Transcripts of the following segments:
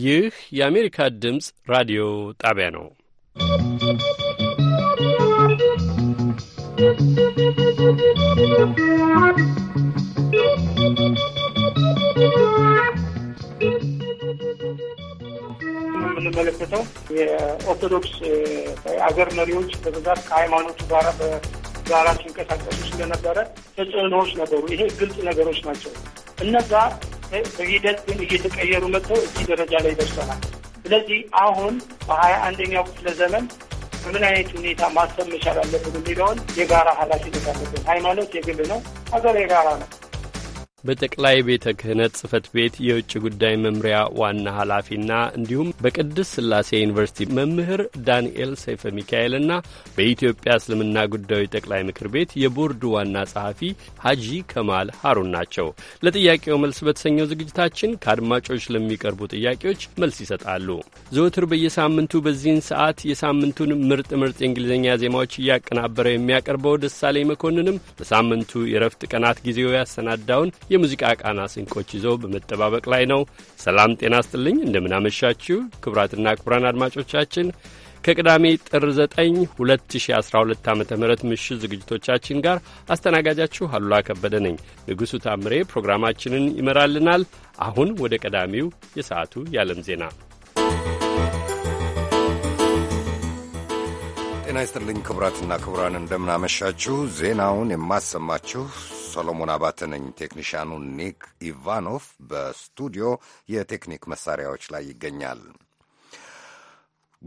ይህ የአሜሪካ ድምፅ ራዲዮ ጣቢያ ነው። የምንመለከተው የኦርቶዶክስ አገር መሪዎች በብዛት ከሃይማኖቱ ጋር በጋራ ሲንቀሳቀሱ ስለነበረ ተጽዕኖዎች ነበሩ። ይሄ ግልጽ ነገሮች ናቸው እነዛ በሂደት ግን እየተቀየሩ መጥተው እዚህ ደረጃ ላይ ደርሰናል። ስለዚህ አሁን በሀያ አንደኛው ክፍለ ዘመን በምን አይነት ሁኔታ ማሰብ መቻል አለብን የሚለውን የጋራ ኃላፊነት አለብን። ሃይማኖት የግል ነው፣ ሀገር የጋራ ነው። በጠቅላይ ቤተ ክህነት ጽህፈት ቤት የውጭ ጉዳይ መምሪያ ዋና ኃላፊና እንዲሁም በቅድስት ስላሴ ዩኒቨርሲቲ መምህር ዳንኤል ሰይፈ ሚካኤልና በኢትዮጵያ እስልምና ጉዳዮች ጠቅላይ ምክር ቤት የቦርድ ዋና ጸሐፊ ሀጂ ከማል ሀሩን ናቸው። ለጥያቄው መልስ በተሰኘው ዝግጅታችን ከአድማጮች ለሚቀርቡ ጥያቄዎች መልስ ይሰጣሉ። ዘወትር በየሳምንቱ በዚህን ሰዓት የሳምንቱን ምርጥ ምርጥ የእንግሊዝኛ ዜማዎች እያቀናበረ የሚያቀርበው ደሳሌ መኮንንም በሳምንቱ የረፍት ቀናት ጊዜው ያሰናዳውን የሙዚቃ ቃና ስንቆች ይዘው በመጠባበቅ ላይ ነው። ሰላም ጤና ስጥልኝ፣ እንደምናመሻችሁ ክቡራትና ክቡራን አድማጮቻችን ከቅዳሜ ጥር 9 2012 ዓ ም ምሽት ዝግጅቶቻችን ጋር አስተናጋጃችሁ አሉላ ከበደ ነኝ። ንጉሡ ታምሬ ፕሮግራማችንን ይመራልናል። አሁን ወደ ቀዳሚው የሰዓቱ የዓለም ዜና ጤና ይስጥልኝ ክቡራትና ክቡራን፣ እንደምናመሻችሁ። ዜናውን የማሰማችሁ ሰሎሞን አባተ ነኝ። ቴክኒሽያኑ ኒክ ኢቫኖቭ በስቱዲዮ የቴክኒክ መሳሪያዎች ላይ ይገኛል።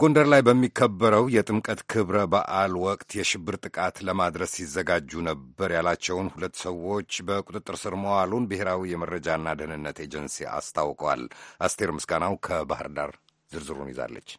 ጎንደር ላይ በሚከበረው የጥምቀት ክብረ በዓል ወቅት የሽብር ጥቃት ለማድረስ ሲዘጋጁ ነበር ያላቸውን ሁለት ሰዎች በቁጥጥር ስር መዋሉን ብሔራዊ የመረጃና ደህንነት ኤጀንሲ አስታውቋል። አስቴር ምስጋናው ከባህር ዳር ዝርዝሩን ይዛለች።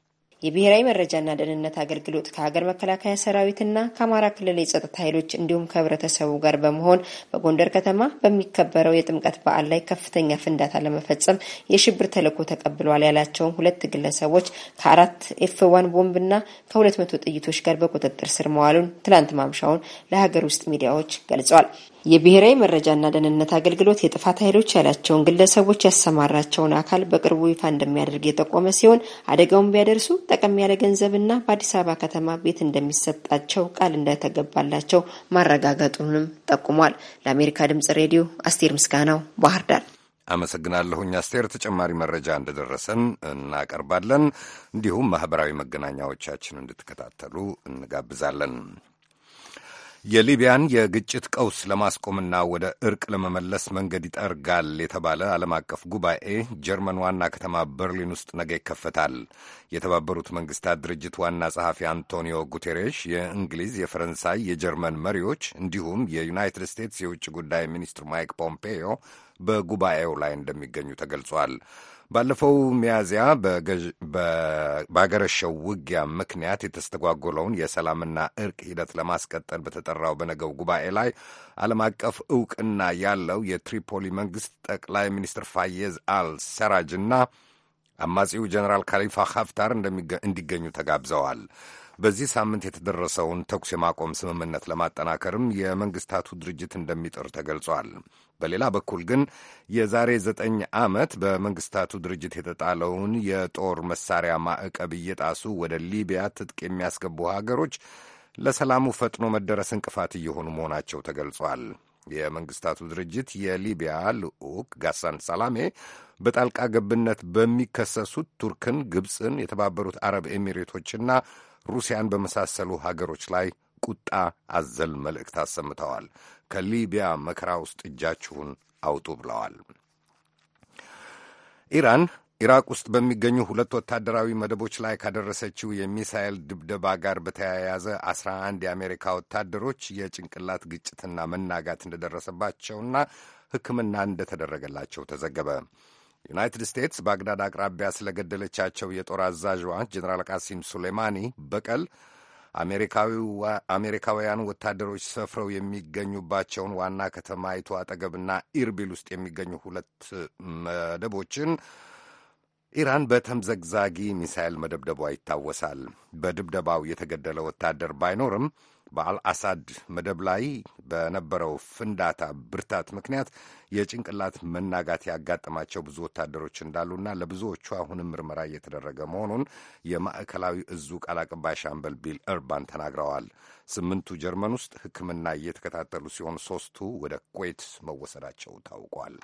የብሔራዊ መረጃና ደህንነት አገልግሎት ከሀገር መከላከያ ሰራዊትና ከአማራ ክልል የጸጥታ ኃይሎች እንዲሁም ከህብረተሰቡ ጋር በመሆን በጎንደር ከተማ በሚከበረው የጥምቀት በዓል ላይ ከፍተኛ ፍንዳታ ለመፈጸም የሽብር ተልዕኮ ተቀብሏል ያላቸውን ሁለት ግለሰቦች ከአራት ኤፍ ዋን ቦምብና ከሁለት መቶ ጥይቶች ጋር በቁጥጥር ስር መዋሉን ትላንት ማምሻውን ለሀገር ውስጥ ሚዲያዎች ገልጸዋል። የብሔራዊ መረጃና ደህንነት አገልግሎት የጥፋት ኃይሎች ያላቸውን ግለሰቦች ያሰማራቸውን አካል በቅርቡ ይፋ እንደሚያደርግ የጠቆመ ሲሆን አደጋውን ቢያደርሱ ጠቀም ያለ ገንዘብና በአዲስ አበባ ከተማ ቤት እንደሚሰጣቸው ቃል እንደተገባላቸው ማረጋገጡንም ጠቁሟል። ለአሜሪካ ድምጽ ሬዲዮ አስቴር ምስጋናው ባህር ዳር። አመሰግናለሁኝ አስቴር። ተጨማሪ መረጃ እንደደረሰን እናቀርባለን። እንዲሁም ማህበራዊ መገናኛዎቻችን እንድትከታተሉ እንጋብዛለን። የሊቢያን የግጭት ቀውስ ለማስቆምና ወደ እርቅ ለመመለስ መንገድ ይጠርጋል የተባለ ዓለም አቀፍ ጉባኤ ጀርመን ዋና ከተማ በርሊን ውስጥ ነገ ይከፈታል። የተባበሩት መንግስታት ድርጅት ዋና ጸሐፊ አንቶኒዮ ጉቴሬሽ፣ የእንግሊዝ፣ የፈረንሳይ፣ የጀርመን መሪዎች እንዲሁም የዩናይትድ ስቴትስ የውጭ ጉዳይ ሚኒስትር ማይክ ፖምፔዮ በጉባኤው ላይ እንደሚገኙ ተገልጿል። ባለፈው ሚያዝያ በአገረሸው ውጊያ ምክንያት የተስተጓጎለውን የሰላምና እርቅ ሂደት ለማስቀጠል በተጠራው በነገው ጉባኤ ላይ ዓለም አቀፍ እውቅና ያለው የትሪፖሊ መንግሥት ጠቅላይ ሚኒስትር ፋየዝ አል ሰራጅና አማጺው ጀኔራል ካሊፋ ሀፍታር እንዲገኙ ተጋብዘዋል። በዚህ ሳምንት የተደረሰውን ተኩስ የማቆም ስምምነት ለማጠናከርም የመንግስታቱ ድርጅት እንደሚጥር ተገልጿል። በሌላ በኩል ግን የዛሬ ዘጠኝ ዓመት በመንግስታቱ ድርጅት የተጣለውን የጦር መሳሪያ ማዕቀብ እየጣሱ ወደ ሊቢያ ትጥቅ የሚያስገቡ ሀገሮች ለሰላሙ ፈጥኖ መደረስ እንቅፋት እየሆኑ መሆናቸው ተገልጿል። የመንግስታቱ ድርጅት የሊቢያ ልዑክ ጋሳን ሰላሜ በጣልቃ ገብነት በሚከሰሱት ቱርክን፣ ግብፅን፣ የተባበሩት አረብ ኤሚሬቶችና ሩሲያን በመሳሰሉ ሀገሮች ላይ ቁጣ አዘል መልእክት አሰምተዋል። ከሊቢያ መከራ ውስጥ እጃችሁን አውጡ ብለዋል። ኢራን ኢራቅ ውስጥ በሚገኙ ሁለት ወታደራዊ መደቦች ላይ ካደረሰችው የሚሳኤል ድብደባ ጋር በተያያዘ አስራ አንድ የአሜሪካ ወታደሮች የጭንቅላት ግጭትና መናጋት እንደደረሰባቸውና ሕክምና እንደተደረገላቸው ተዘገበ። ዩናይትድ ስቴትስ ባግዳድ አቅራቢያ ስለገደለቻቸው የጦር አዛዥዋ ጀኔራል ቃሲም ሱሌማኒ በቀል አሜሪካውያን ወታደሮች ሰፍረው የሚገኙባቸውን ዋና ከተማይቱ አጠገብና ኢርቢል ውስጥ የሚገኙ ሁለት መደቦችን ኢራን በተምዘግዛጊ ሚሳይል መደብደቧ ይታወሳል። በድብደባው የተገደለ ወታደር ባይኖርም በአልአሳድ መደብ ላይ በነበረው ፍንዳታ ብርታት ምክንያት የጭንቅላት መናጋት ያጋጠማቸው ብዙ ወታደሮች እንዳሉና ለብዙዎቹ አሁንም ምርመራ እየተደረገ መሆኑን የማዕከላዊ እዙ ቃል አቀባይ ሻምበል ቢል እርባን ተናግረዋል። ስምንቱ ጀርመን ውስጥ ሕክምና እየተከታተሉ ሲሆን ሦስቱ ወደ ኩዌት መወሰዳቸው ታውቋል።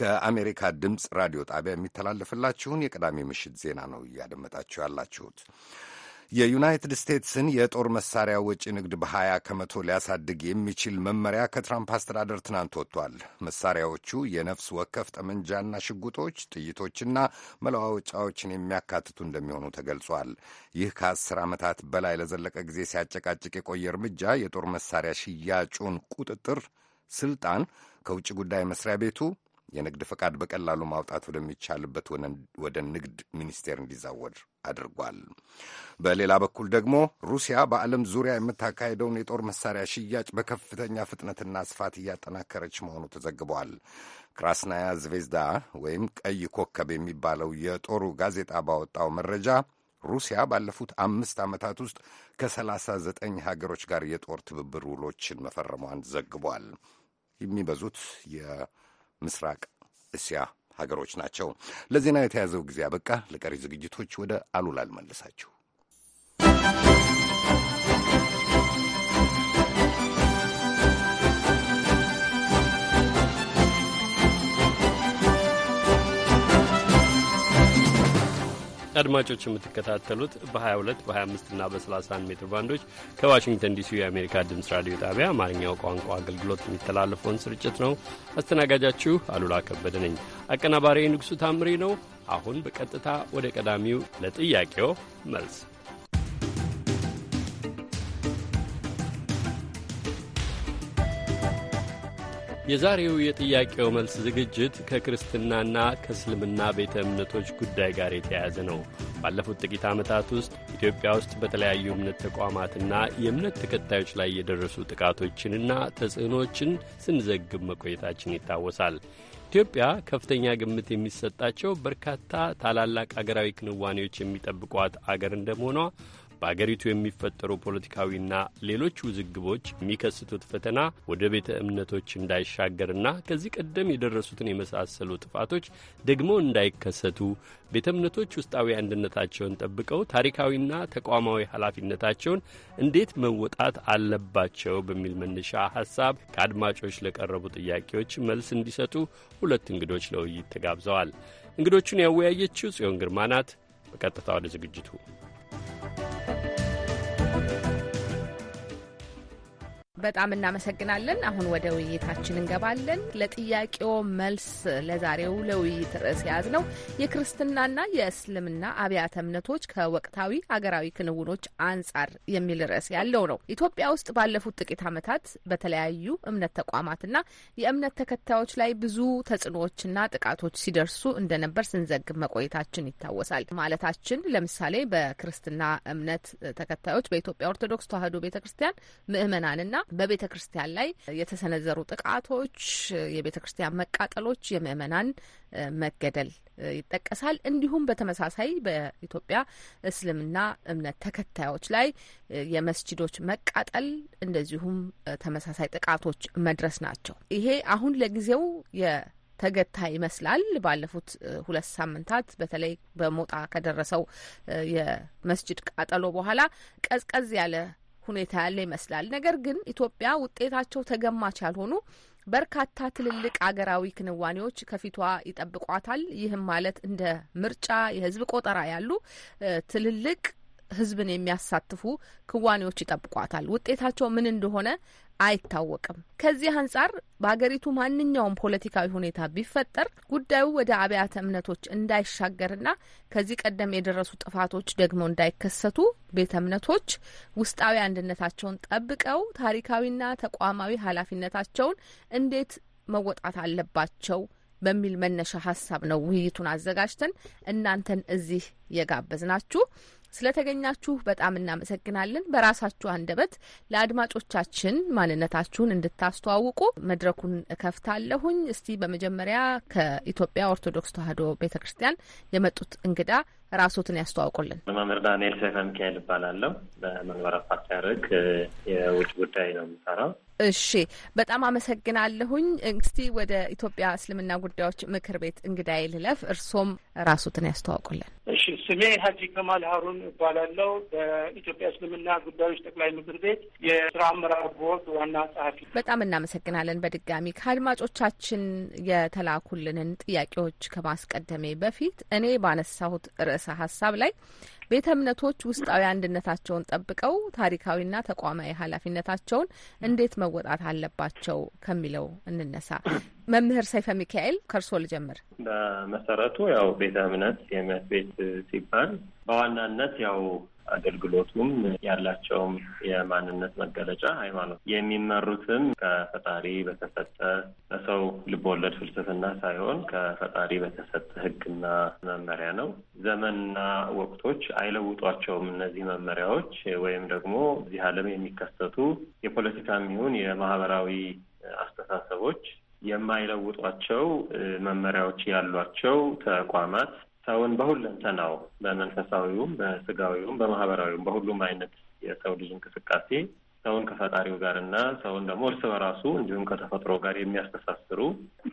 ከአሜሪካ ድምፅ ራዲዮ ጣቢያ የሚተላለፍላችሁን የቅዳሜ ምሽት ዜና ነው እያደመጣችሁ ያላችሁት። የዩናይትድ ስቴትስን የጦር መሳሪያ ወጪ ንግድ በ20 ከመቶ ሊያሳድግ የሚችል መመሪያ ከትራምፕ አስተዳደር ትናንት ወጥቷል። መሳሪያዎቹ የነፍስ ወከፍ ጠመንጃና ሽጉጦች፣ ጥይቶችና መለዋወጫዎችን የሚያካትቱ እንደሚሆኑ ተገልጿል። ይህ ከአስር ዓመታት በላይ ለዘለቀ ጊዜ ሲያጨቃጭቅ የቆየ እርምጃ የጦር መሳሪያ ሽያጩን ቁጥጥር ስልጣን ከውጭ ጉዳይ መስሪያ ቤቱ የንግድ ፈቃድ በቀላሉ ማውጣት ወደሚቻልበት ወደ ንግድ ሚኒስቴር እንዲዛወድ አድርጓል። በሌላ በኩል ደግሞ ሩሲያ በዓለም ዙሪያ የምታካሄደውን የጦር መሳሪያ ሽያጭ በከፍተኛ ፍጥነትና ስፋት እያጠናከረች መሆኑ ተዘግቧል። ክራስናያ ዝቬዝዳ ወይም ቀይ ኮከብ የሚባለው የጦሩ ጋዜጣ ባወጣው መረጃ ሩሲያ ባለፉት አምስት ዓመታት ውስጥ ከ ዘጠኝ ሀገሮች ጋር የጦር ትብብር ውሎችን መፈረሟን ዘግቧል። የሚበዙት ምስራቅ እስያ ሀገሮች ናቸው። ለዜና የተያዘው ጊዜ አበቃ። ለቀሪ ዝግጅቶች ወደ አሉላ ልመልሳችሁ። አድማጮች የምትከታተሉት በ22 በ25 እና በ31 ሜትር ባንዶች ከዋሽንግተን ዲሲ የአሜሪካ ድምፅ ራዲዮ ጣቢያ አማርኛው ቋንቋ አገልግሎት የሚተላለፈውን ስርጭት ነው። አስተናጋጃችሁ አሉላ ከበደ ነኝ። አቀናባሪ ንጉሡ ታምሬ ነው። አሁን በቀጥታ ወደ ቀዳሚው ለጥያቄው መልስ የዛሬው የጥያቄው መልስ ዝግጅት ከክርስትናና ከእስልምና ቤተ እምነቶች ጉዳይ ጋር የተያያዘ ነው። ባለፉት ጥቂት ዓመታት ውስጥ ኢትዮጵያ ውስጥ በተለያዩ እምነት ተቋማትና የእምነት ተከታዮች ላይ የደረሱ ጥቃቶችንና ተጽዕኖችን ስንዘግብ መቆየታችን ይታወሳል። ኢትዮጵያ ከፍተኛ ግምት የሚሰጣቸው በርካታ ታላላቅ አገራዊ ክንዋኔዎች የሚጠብቋት አገር እንደመሆኗ በአገሪቱ የሚፈጠሩ ፖለቲካዊና ሌሎች ውዝግቦች የሚከስቱት ፈተና ወደ ቤተ እምነቶች እንዳይሻገርና ከዚህ ቀደም የደረሱትን የመሳሰሉ ጥፋቶች ደግሞ እንዳይከሰቱ ቤተ እምነቶች ውስጣዊ አንድነታቸውን ጠብቀው ታሪካዊና ተቋማዊ ኃላፊነታቸውን እንዴት መወጣት አለባቸው በሚል መነሻ ሀሳብ ከአድማጮች ለቀረቡ ጥያቄዎች መልስ እንዲሰጡ ሁለት እንግዶች ለውይይት ተጋብዘዋል። እንግዶቹን ያወያየችው ጽዮን ግርማ ናት። በቀጥታ ወደ ዝግጅቱ በጣም እናመሰግናለን። አሁን ወደ ውይይታችን እንገባለን። ለጥያቄው መልስ ለዛሬው ለውይይት ርዕስ የያዝ ነው የክርስትናና የእስልምና አብያተ እምነቶች ከወቅታዊ ሀገራዊ ክንውኖች አንጻር የሚል ርዕስ ያለው ነው። ኢትዮጵያ ውስጥ ባለፉት ጥቂት ዓመታት በተለያዩ እምነት ተቋማትና የእምነት ተከታዮች ላይ ብዙ ተጽዕኖዎችና ጥቃቶች ሲደርሱ እንደነበር ስንዘግብ መቆየታችን ይታወሳል። ማለታችን ለምሳሌ በክርስትና እምነት ተከታዮች በኢትዮጵያ ኦርቶዶክስ ተዋሕዶ ቤተ ክርስቲያን ምእመናንና በቤተ ክርስቲያን ላይ የተሰነዘሩ ጥቃቶች፣ የቤተ ክርስቲያን መቃጠሎች፣ የምእመናን መገደል ይጠቀሳል። እንዲሁም በተመሳሳይ በኢትዮጵያ እስልምና እምነት ተከታዮች ላይ የመስጂዶች መቃጠል እንደዚሁም ተመሳሳይ ጥቃቶች መድረስ ናቸው። ይሄ አሁን ለጊዜው ተገታ ይመስላል። ባለፉት ሁለት ሳምንታት በተለይ በሞጣ ከደረሰው የመስጅድ ቃጠሎ በኋላ ቀዝቀዝ ያለ ሁኔታ ያለ ይመስላል። ነገር ግን ኢትዮጵያ ውጤታቸው ተገማች ያልሆኑ በርካታ ትልልቅ አገራዊ ክንዋኔዎች ከፊቷ ይጠብቋታል። ይህም ማለት እንደ ምርጫ፣ የህዝብ ቆጠራ ያሉ ትልልቅ ህዝብን የሚያሳትፉ ክዋኔዎች ይጠብቋታል። ውጤታቸው ምን እንደሆነ አይታወቅም። ከዚህ አንጻር በሀገሪቱ ማንኛውም ፖለቲካዊ ሁኔታ ቢፈጠር ጉዳዩ ወደ አብያተ እምነቶች እንዳይሻገርና ከዚህ ቀደም የደረሱ ጥፋቶች ደግሞ እንዳይከሰቱ ቤተ እምነቶች ውስጣዊ አንድነታቸውን ጠብቀው ታሪካዊና ተቋማዊ ኃላፊነታቸውን እንዴት መወጣት አለባቸው በሚል መነሻ ሀሳብ ነው ውይይቱን አዘጋጅተን እናንተን እዚህ የጋበዝናችሁ። ስለተገኛችሁ በጣም እናመሰግናለን። በራሳችሁ አንደበት ለአድማጮቻችን ማንነታችሁን እንድታስተዋውቁ መድረኩን እከፍታለሁኝ። እስቲ በመጀመሪያ ከኢትዮጵያ ኦርቶዶክስ ተዋሕዶ ቤተ ክርስቲያን የመጡት እንግዳ ራሶትን ያስተዋውቁልን። መምህር ዳንኤል ሰይፈ ሚካኤል እባላለሁ። በመንበረ ፓትርያርክ የውጭ ጉዳይ ነው የምሰራው። እሺ፣ በጣም አመሰግናለሁኝ። እንግስቲ ወደ ኢትዮጵያ እስልምና ጉዳዮች ምክር ቤት እንግዳይ ልለፍ። እርሶም ራሱትን ያስተዋውቁልን። እሺ፣ ስሜ ሀጂ ከማል ሀሩን እባላለሁ። በኢትዮጵያ እስልምና ጉዳዮች ጠቅላይ ምክር ቤት የስራ አመራር ቦርድ ዋና ጸሐፊ። በጣም እናመሰግናለን። በድጋሚ ከአድማጮቻችን የተላኩልንን ጥያቄዎች ከማስቀደሜ በፊት እኔ ባነሳሁት ርዕሰ ሀሳብ ላይ ቤተ እምነቶች ውስጣዊ አንድነታቸውን ጠብቀው ታሪካዊና ተቋማዊ ኃላፊነታቸውን እንዴት መወጣት አለባቸው ከሚለው እንነሳ። መምህር ሰይፈ ሚካኤል ከእርሶ ልጀምር። በመሰረቱ ያው ቤተ እምነት የእምነት ቤት ሲባል በዋናነት ያው አገልግሎቱም ያላቸውም የማንነት መገለጫ ሃይማኖት የሚመሩትም ከፈጣሪ በተሰጠ ለሰው ልቦወለድ ፍልስፍና ሳይሆን ከፈጣሪ በተሰጠ ሕግና መመሪያ ነው። ዘመንና ወቅቶች አይለውጧቸውም። እነዚህ መመሪያዎች ወይም ደግሞ እዚህ ዓለም የሚከሰቱ የፖለቲካ ይሁን የማህበራዊ አስተሳሰቦች የማይለውጧቸው መመሪያዎች ያሏቸው ተቋማት ሰውን በሁለንተናው በመንፈሳዊውም፣ በስጋዊውም፣ በማህበራዊውም በሁሉም አይነት የሰው ልጅ እንቅስቃሴ ሰውን ከፈጣሪው ጋር እና ሰውን ደግሞ እርስ በራሱ እንዲሁም ከተፈጥሮ ጋር የሚያስተሳስሩ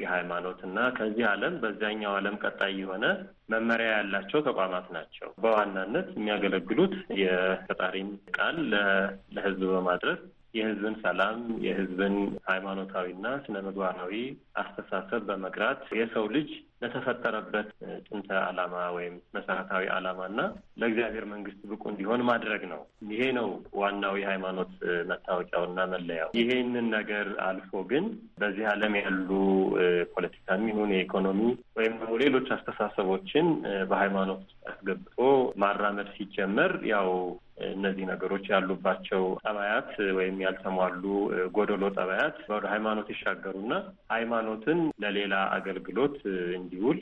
የሃይማኖት እና ከዚህ ዓለም በዚያኛው ዓለም ቀጣይ የሆነ መመሪያ ያላቸው ተቋማት ናቸው። በዋናነት የሚያገለግሉት የፈጣሪን ቃል ለህዝብ በማድረስ የህዝብን ሰላም የህዝብን ሃይማኖታዊና ስነ ምግባራዊ አስተሳሰብ በመግራት የሰው ልጅ ለተፈጠረበት ጥንተ ዓላማ ወይም መሰረታዊ እና ለእግዚአብሔር መንግስት ብቁ እንዲሆን ማድረግ ነው። ይሄ ነው ዋናው የሃይማኖት መታወቂያውና መለያው። ይሄንን ነገር አልፎ ግን በዚህ ዓለም ያሉ ፖለቲካ ይሁን የኢኮኖሚ ወይም ደግሞ ሌሎች አስተሳሰቦችን በሃይማኖት አስገብቶ ማራመድ ሲጀመር ያው እነዚህ ነገሮች ያሉባቸው ጠባያት ወይም ያልተሟሉ ጎደሎ ጠባያት ወደ ሃይማኖት ይሻገሩና ሃይማኖትን ለሌላ አገልግሎት እንዲውል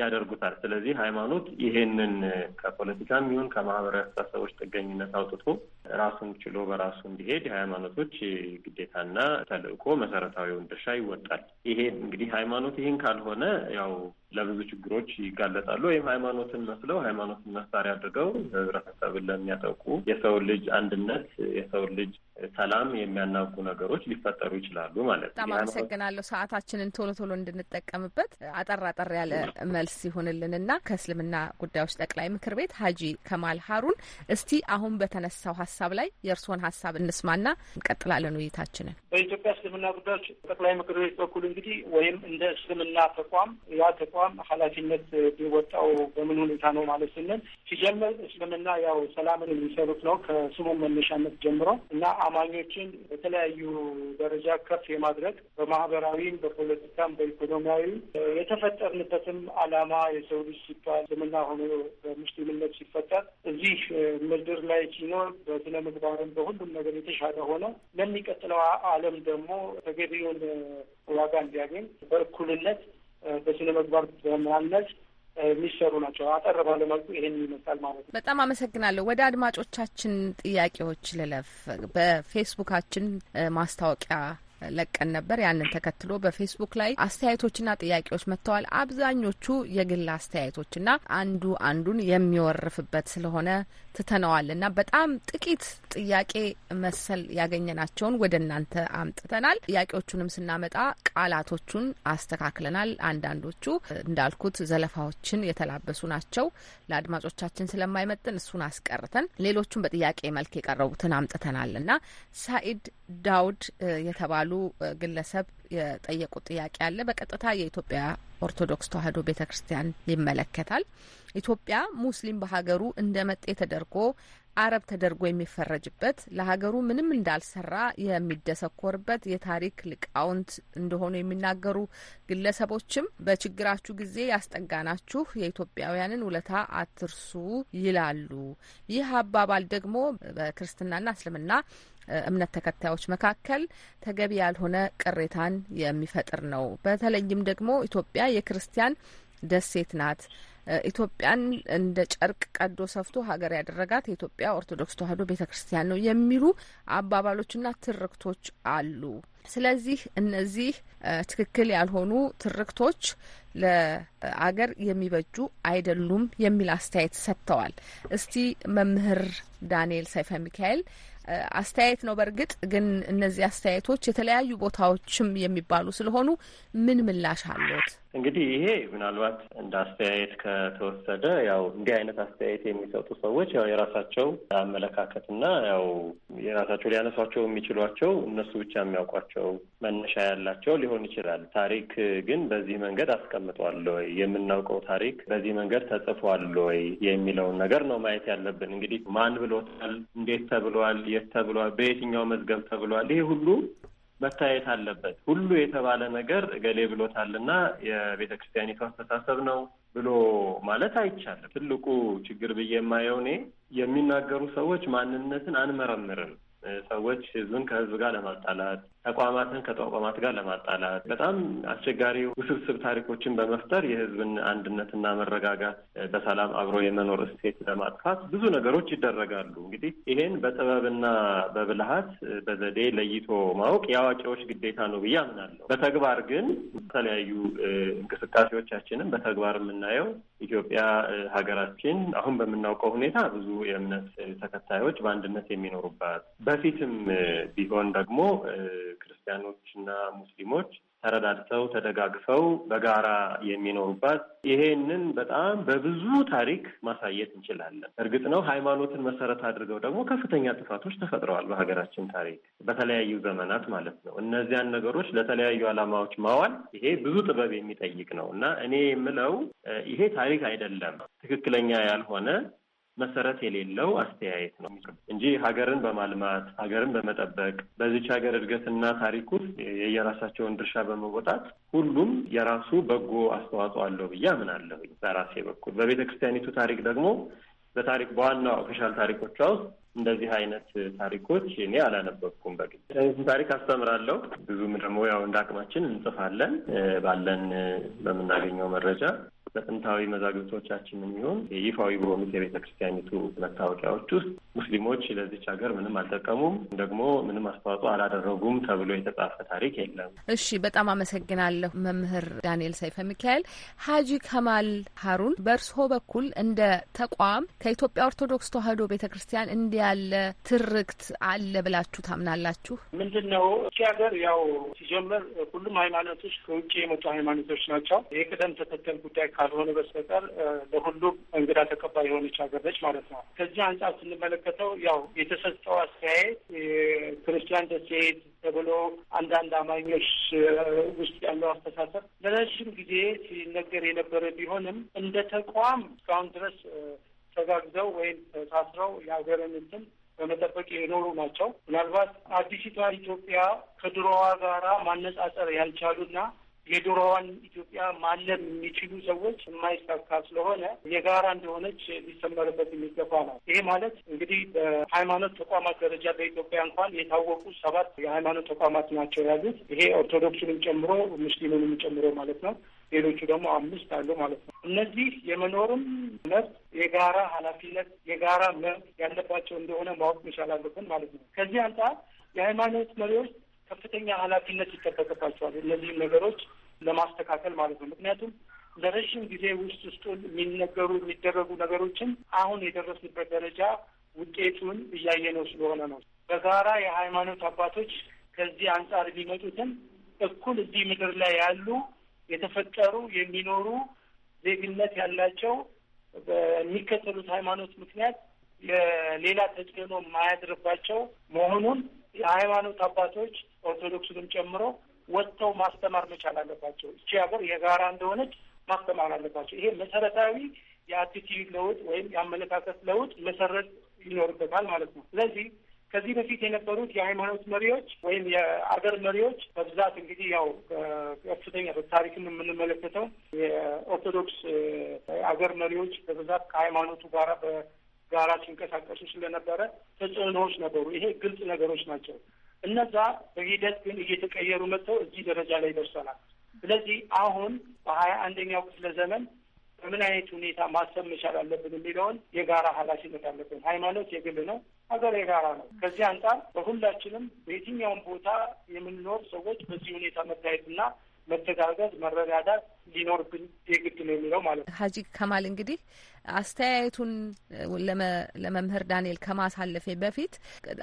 ያደርጉታል። ስለዚህ ሃይማኖት ይሄንን ከፖለቲካም ይሁን ከማህበረሰብ ሰዎች ጥገኝነት አውጥቶ ራሱን ችሎ በራሱ እንዲሄድ የሃይማኖቶች ግዴታና ተልእኮ መሰረታዊውን ድርሻ ይወጣል። ይሄ እንግዲህ ሃይማኖት ይህን ካልሆነ ያው ለብዙ ችግሮች ይጋለጣሉ። ወይም ሃይማኖትን መስለው ሃይማኖትን መሳሪያ አድርገው ህብረተሰብን ለሚያጠቁ የሰው ልጅ አንድነት የሰው ልጅ ሰላም የሚያናጉ ነገሮች ሊፈጠሩ ይችላሉ ማለት ነው። በጣም አመሰግናለሁ። ሰዓታችንን ቶሎ ቶሎ እንድንጠቀምበት አጠር አጠር ያለ መልስ ይሆንልን እና ከእስልምና ጉዳዮች ጠቅላይ ምክር ቤት ሀጂ ከማል ሀሩን፣ እስቲ አሁን በተነሳው ሀሳብ ላይ የእርስዎን ሀሳብ እንስማና እንቀጥላለን ውይይታችንን። በኢትዮጵያ እስልምና ጉዳዮች ጠቅላይ ምክር ቤት በኩል እንግዲህ ወይም እንደ እስልምና ተቋም ያ ተቋም ኃላፊነት ቢወጣው በምን ሁኔታ ነው ማለት ስንል ሲጀምር እስልምና ያው ሰላምን የሚሰሩት ነው ከስሙ መነሻነት ጀምሮ እና አማኞችን በተለያዩ ደረጃ ከፍ የማድረግ በማህበራዊም፣ በፖለቲካም፣ በኢኮኖሚያዊም የተፈጠርንበትም አላማ የሰው ልጅ ሲባል ስምና ሆኖ በሙስሊምነት ሲፈጠር እዚህ ምድር ላይ ሲኖር በስነ ምግባርም በሁሉም ነገር የተሻለ ሆነ ለሚቀጥለው ዓለም ደግሞ ተገቢውን ዋጋ እንዲያገኝ በእኩልነት በስነ ምግባር በማነጽ የሚሰሩ ናቸው። አጠር ባለ መልኩ ይሄን ይመስላል ማለት ነው። በጣም አመሰግናለሁ። ወደ አድማጮቻችን ጥያቄዎች ልለፍ። በፌስቡካችን ማስታወቂያ ለቀን ነበር። ያንን ተከትሎ በፌስቡክ ላይ አስተያየቶችና ጥያቄዎች መጥተዋል። አብዛኞቹ የግል አስተያየቶችና አንዱ አንዱን የሚወርፍበት ስለሆነ ትተነዋል እና በጣም ጥቂት ጥያቄ መሰል ያገኘናቸውን ወደ እናንተ አምጥተናል። ጥያቄዎቹንም ስናመጣ ቃላቶቹን አስተካክለናል። አንዳንዶቹ እንዳልኩት ዘለፋዎችን የተላበሱ ናቸው። ለአድማጮቻችን ስለማይመጥን እሱን አስቀርተን ሌሎቹን በጥያቄ መልክ የቀረቡትን አምጥተናል እና ሳኢድ ዳውድ የተባሉ ግለሰብ የጠየቁት ጥያቄ አለ። በቀጥታ የኢትዮጵያ ኦርቶዶክስ ተዋሕዶ ቤተ ክርስቲያን ይመለከታል። ኢትዮጵያ ሙስሊም በሀገሩ እንደ መጤ ተደርጎ አረብ ተደርጎ የሚፈረጅበት ለሀገሩ ምንም እንዳልሰራ የሚደሰኮርበት የታሪክ ሊቃውንት እንደሆኑ የሚናገሩ ግለሰቦችም በችግራችሁ ጊዜ ያስጠጋናችሁ የኢትዮጵያውያንን ውለታ አትርሱ ይላሉ። ይህ አባባል ደግሞ በክርስትናና እስልምና እምነት ተከታዮች መካከል ተገቢ ያልሆነ ቅሬታን የሚፈጥር ነው። በተለይም ደግሞ ኢትዮጵያ የክርስቲያን ደሴት ናት። ኢትዮጵያን እንደ ጨርቅ ቀዶ ሰፍቶ ሀገር ያደረጋት የኢትዮጵያ ኦርቶዶክስ ተዋሕዶ ቤተ ክርስቲያን ነው የሚሉ አባባሎችና ትርክቶች አሉ። ስለዚህ እነዚህ ትክክል ያልሆኑ ትርክቶች ለአገር የሚበጁ አይደሉም የሚል አስተያየት ሰጥተዋል። እስቲ መምህር ዳንኤል ሰይፈ ሚካኤል አስተያየት ነው። በእርግጥ ግን እነዚህ አስተያየቶች የተለያዩ ቦታዎችም የሚባሉ ስለሆኑ ምን ምላሽ አለት? እንግዲህ ይሄ ምናልባት እንደ አስተያየት ከተወሰደ ያው እንዲህ አይነት አስተያየት የሚሰጡ ሰዎች ያው የራሳቸው አመለካከትና ያው የራሳቸው ሊያነሷቸው የሚችሏቸው እነሱ ብቻ የሚያውቋቸው መነሻ ያላቸው ሊሆን ይችላል። ታሪክ ግን በዚህ መንገድ አስቀምጧል ወይ የምናውቀው ታሪክ በዚህ መንገድ ተጽፏል ወይ የሚለውን ነገር ነው ማየት ያለብን። እንግዲህ ማን ብሎታል፣ እንዴት ተብሏል፣ የት ተብሏል፣ በየትኛው መዝገብ ተብሏል፣ ይሄ ሁሉ መታየት አለበት። ሁሉ የተባለ ነገር እገሌ ብሎታልና የቤተ ክርስቲያኒቱ አስተሳሰብ ነው ብሎ ማለት አይቻልም። ትልቁ ችግር ብዬ የማየው እኔ የሚናገሩ ሰዎች ማንነትን አንመረምርም። ሰዎች ህዝብን ከህዝብ ጋር ለማጣላት ተቋማትን ከተቋማት ጋር ለማጣላት በጣም አስቸጋሪ ውስብስብ ታሪኮችን በመፍጠር የህዝብን አንድነትና መረጋጋት በሰላም አብሮ የመኖር እሴት ለማጥፋት ብዙ ነገሮች ይደረጋሉ። እንግዲህ ይሄን በጥበብና በብልሃት በዘዴ ለይቶ ማወቅ የአዋቂዎች ግዴታ ነው ብዬ አምናለሁ። በተግባር ግን የተለያዩ እንቅስቃሴዎቻችንም በተግባር የምናየው ኢትዮጵያ ሀገራችን አሁን በምናውቀው ሁኔታ ብዙ የእምነት ተከታዮች በአንድነት የሚኖሩባት በፊትም ቢሆን ደግሞ ክርስቲያኖች እና ሙስሊሞች ተረዳድተው ተደጋግፈው በጋራ የሚኖሩባት ይሄንን በጣም በብዙ ታሪክ ማሳየት እንችላለን። እርግጥ ነው ሃይማኖትን መሰረት አድርገው ደግሞ ከፍተኛ ጥፋቶች ተፈጥረዋል በሀገራችን ታሪክ በተለያዩ ዘመናት ማለት ነው። እነዚያን ነገሮች ለተለያዩ ዓላማዎች ማዋል ይሄ ብዙ ጥበብ የሚጠይቅ ነው እና እኔ የምለው ይሄ ታሪክ አይደለም ትክክለኛ ያልሆነ መሰረት የሌለው አስተያየት ነው እንጂ ሀገርን በማልማት ሀገርን በመጠበቅ በዚች ሀገር እድገትና ታሪክ ውስጥ የየራሳቸውን ድርሻ በመወጣት ሁሉም የራሱ በጎ አስተዋጽኦ አለው ብዬ አምናለሁ። በራሴ በኩል በቤተ ክርስቲያኒቱ ታሪክ ደግሞ በታሪክ በዋና ኦፊሻል ታሪኮቿ ውስጥ እንደዚህ አይነት ታሪኮች እኔ አላነበብኩም። በግ ታሪክ አስተምራለሁ። ብዙም ደግሞ ያው እንደ አቅማችን እንጽፋለን ባለን በምናገኘው መረጃ በጥንታዊ መዛግብቶቻችን የሚሆን ይፋዊ በሆኑት የቤተ ክርስቲያኒቱ መታወቂያዎች ውስጥ ሙስሊሞች ለዚች ሀገር ምንም አልጠቀሙም፣ ደግሞ ምንም አስተዋጽኦ አላደረጉም ተብሎ የተጻፈ ታሪክ የለም። እሺ፣ በጣም አመሰግናለሁ መምህር ዳንኤል ሰይፈ ሚካኤል። ሀጂ ከማል ሀሩን፣ በእርስዎ በኩል እንደ ተቋም ከኢትዮጵያ ኦርቶዶክስ ተዋህዶ ቤተ ክርስቲያን እንዲህ ያለ ትርክት አለ ብላችሁ ታምናላችሁ? ምንድን ነው እቺ ሀገር ያው ሲጀምር ሁሉም ሃይማኖቶች ከውጭ የመጡ ሃይማኖቶች ናቸው። ቅደም ተከተል ጉዳይ ካልሆነ በስተቀር ለሁሉም እንግዳ ተቀባይ የሆነች ሀገር ነች ማለት ነው። ከዚህ አንጻር ስንመለከተው ያው የተሰጠው አስተያየት የክርስቲያን ደሴት ተብሎ አንዳንድ አማኞች ውስጥ ያለው አስተሳሰብ ለረዥም ጊዜ ሲነገር የነበረ ቢሆንም እንደ ተቋም እስካሁን ድረስ ተጋግዘው ወይም ተሳስረው የሀገርን እንትን በመጠበቅ የኖሩ ናቸው። ምናልባት አዲሲቷ ኢትዮጵያ ከድሮዋ ጋራ ማነጻጸር ያልቻሉና የድሮዋን ኢትዮጵያ ማለም የሚችሉ ሰዎች የማይሳካ ስለሆነ የጋራ እንደሆነች ሊሰመርበት የሚገባ ነው። ይሄ ማለት እንግዲህ በሃይማኖት ተቋማት ደረጃ በኢትዮጵያ እንኳን የታወቁ ሰባት የሃይማኖት ተቋማት ናቸው ያሉት። ይሄ ኦርቶዶክሱንም ጨምሮ ሙስሊሙንም ጨምሮ ማለት ነው። ሌሎቹ ደግሞ አምስት አሉ ማለት ነው። እነዚህ የመኖርም መብት የጋራ ኃላፊነት የጋራ መብት ያለባቸው እንደሆነ ማወቅ መቻል አለብን ማለት ነው። ከዚህ አንጻር የሃይማኖት መሪዎች ከፍተኛ ኃላፊነት ይጠበቅባቸዋል እነዚህም ነገሮች ለማስተካከል ማለት ነው። ምክንያቱም ለረዥም ጊዜ ውስጥ ውስጡን የሚነገሩ የሚደረጉ ነገሮችን አሁን የደረስንበት ደረጃ ውጤቱን እያየነው ስለሆነ ነው። በጋራ የሃይማኖት አባቶች ከዚህ አንጻር የሚመጡትን እኩል እዚህ ምድር ላይ ያሉ የተፈጠሩ የሚኖሩ ዜግነት ያላቸው በሚከተሉት ሃይማኖት ምክንያት የሌላ ተጽዕኖ የማያድርባቸው መሆኑን የሃይማኖት አባቶች ኦርቶዶክሱንም ጨምሮ ወጥተው ማስተማር መቻል አለባቸው። እቺ ሀገር የጋራ እንደሆነች ማስተማር አለባቸው። ይሄ መሰረታዊ የአቲቲዩድ ለውጥ ወይም የአመለካከት ለውጥ መሰረት ይኖርበታል ማለት ነው። ስለዚህ ከዚህ በፊት የነበሩት የሃይማኖት መሪዎች ወይም የአገር መሪዎች በብዛት እንግዲህ ያው ከፍተኛ በታሪክም የምንመለከተው የኦርቶዶክስ አገር መሪዎች በብዛት ከሃይማኖቱ ጋራ ጋራ ሲንቀሳቀሱ ስለነበረ ተጽዕኖዎች ነበሩ። ይሄ ግልጽ ነገሮች ናቸው። እነዛ በሂደት ግን እየተቀየሩ መጥተው እዚህ ደረጃ ላይ ደርሰናል። ስለዚህ አሁን በሀያ አንደኛው ክፍለ ዘመን በምን አይነት ሁኔታ ማሰብ መቻል አለብን የሚለውን የጋራ ኃላፊነት አለብን። ሃይማኖት የግል ነው፣ ሀገር የጋራ ነው። ከዚህ አንጻር በሁላችንም በየትኛውም ቦታ የምንኖር ሰዎች በዚህ ሁኔታ መታየትና መተጋገዝ፣ መረዳዳት ሊኖርብን የግድ ነው የሚለው ማለት ነው። ሀጂ ከማል እንግዲህ አስተያየቱን ለመምህር ዳንኤል ከማሳለፌ በፊት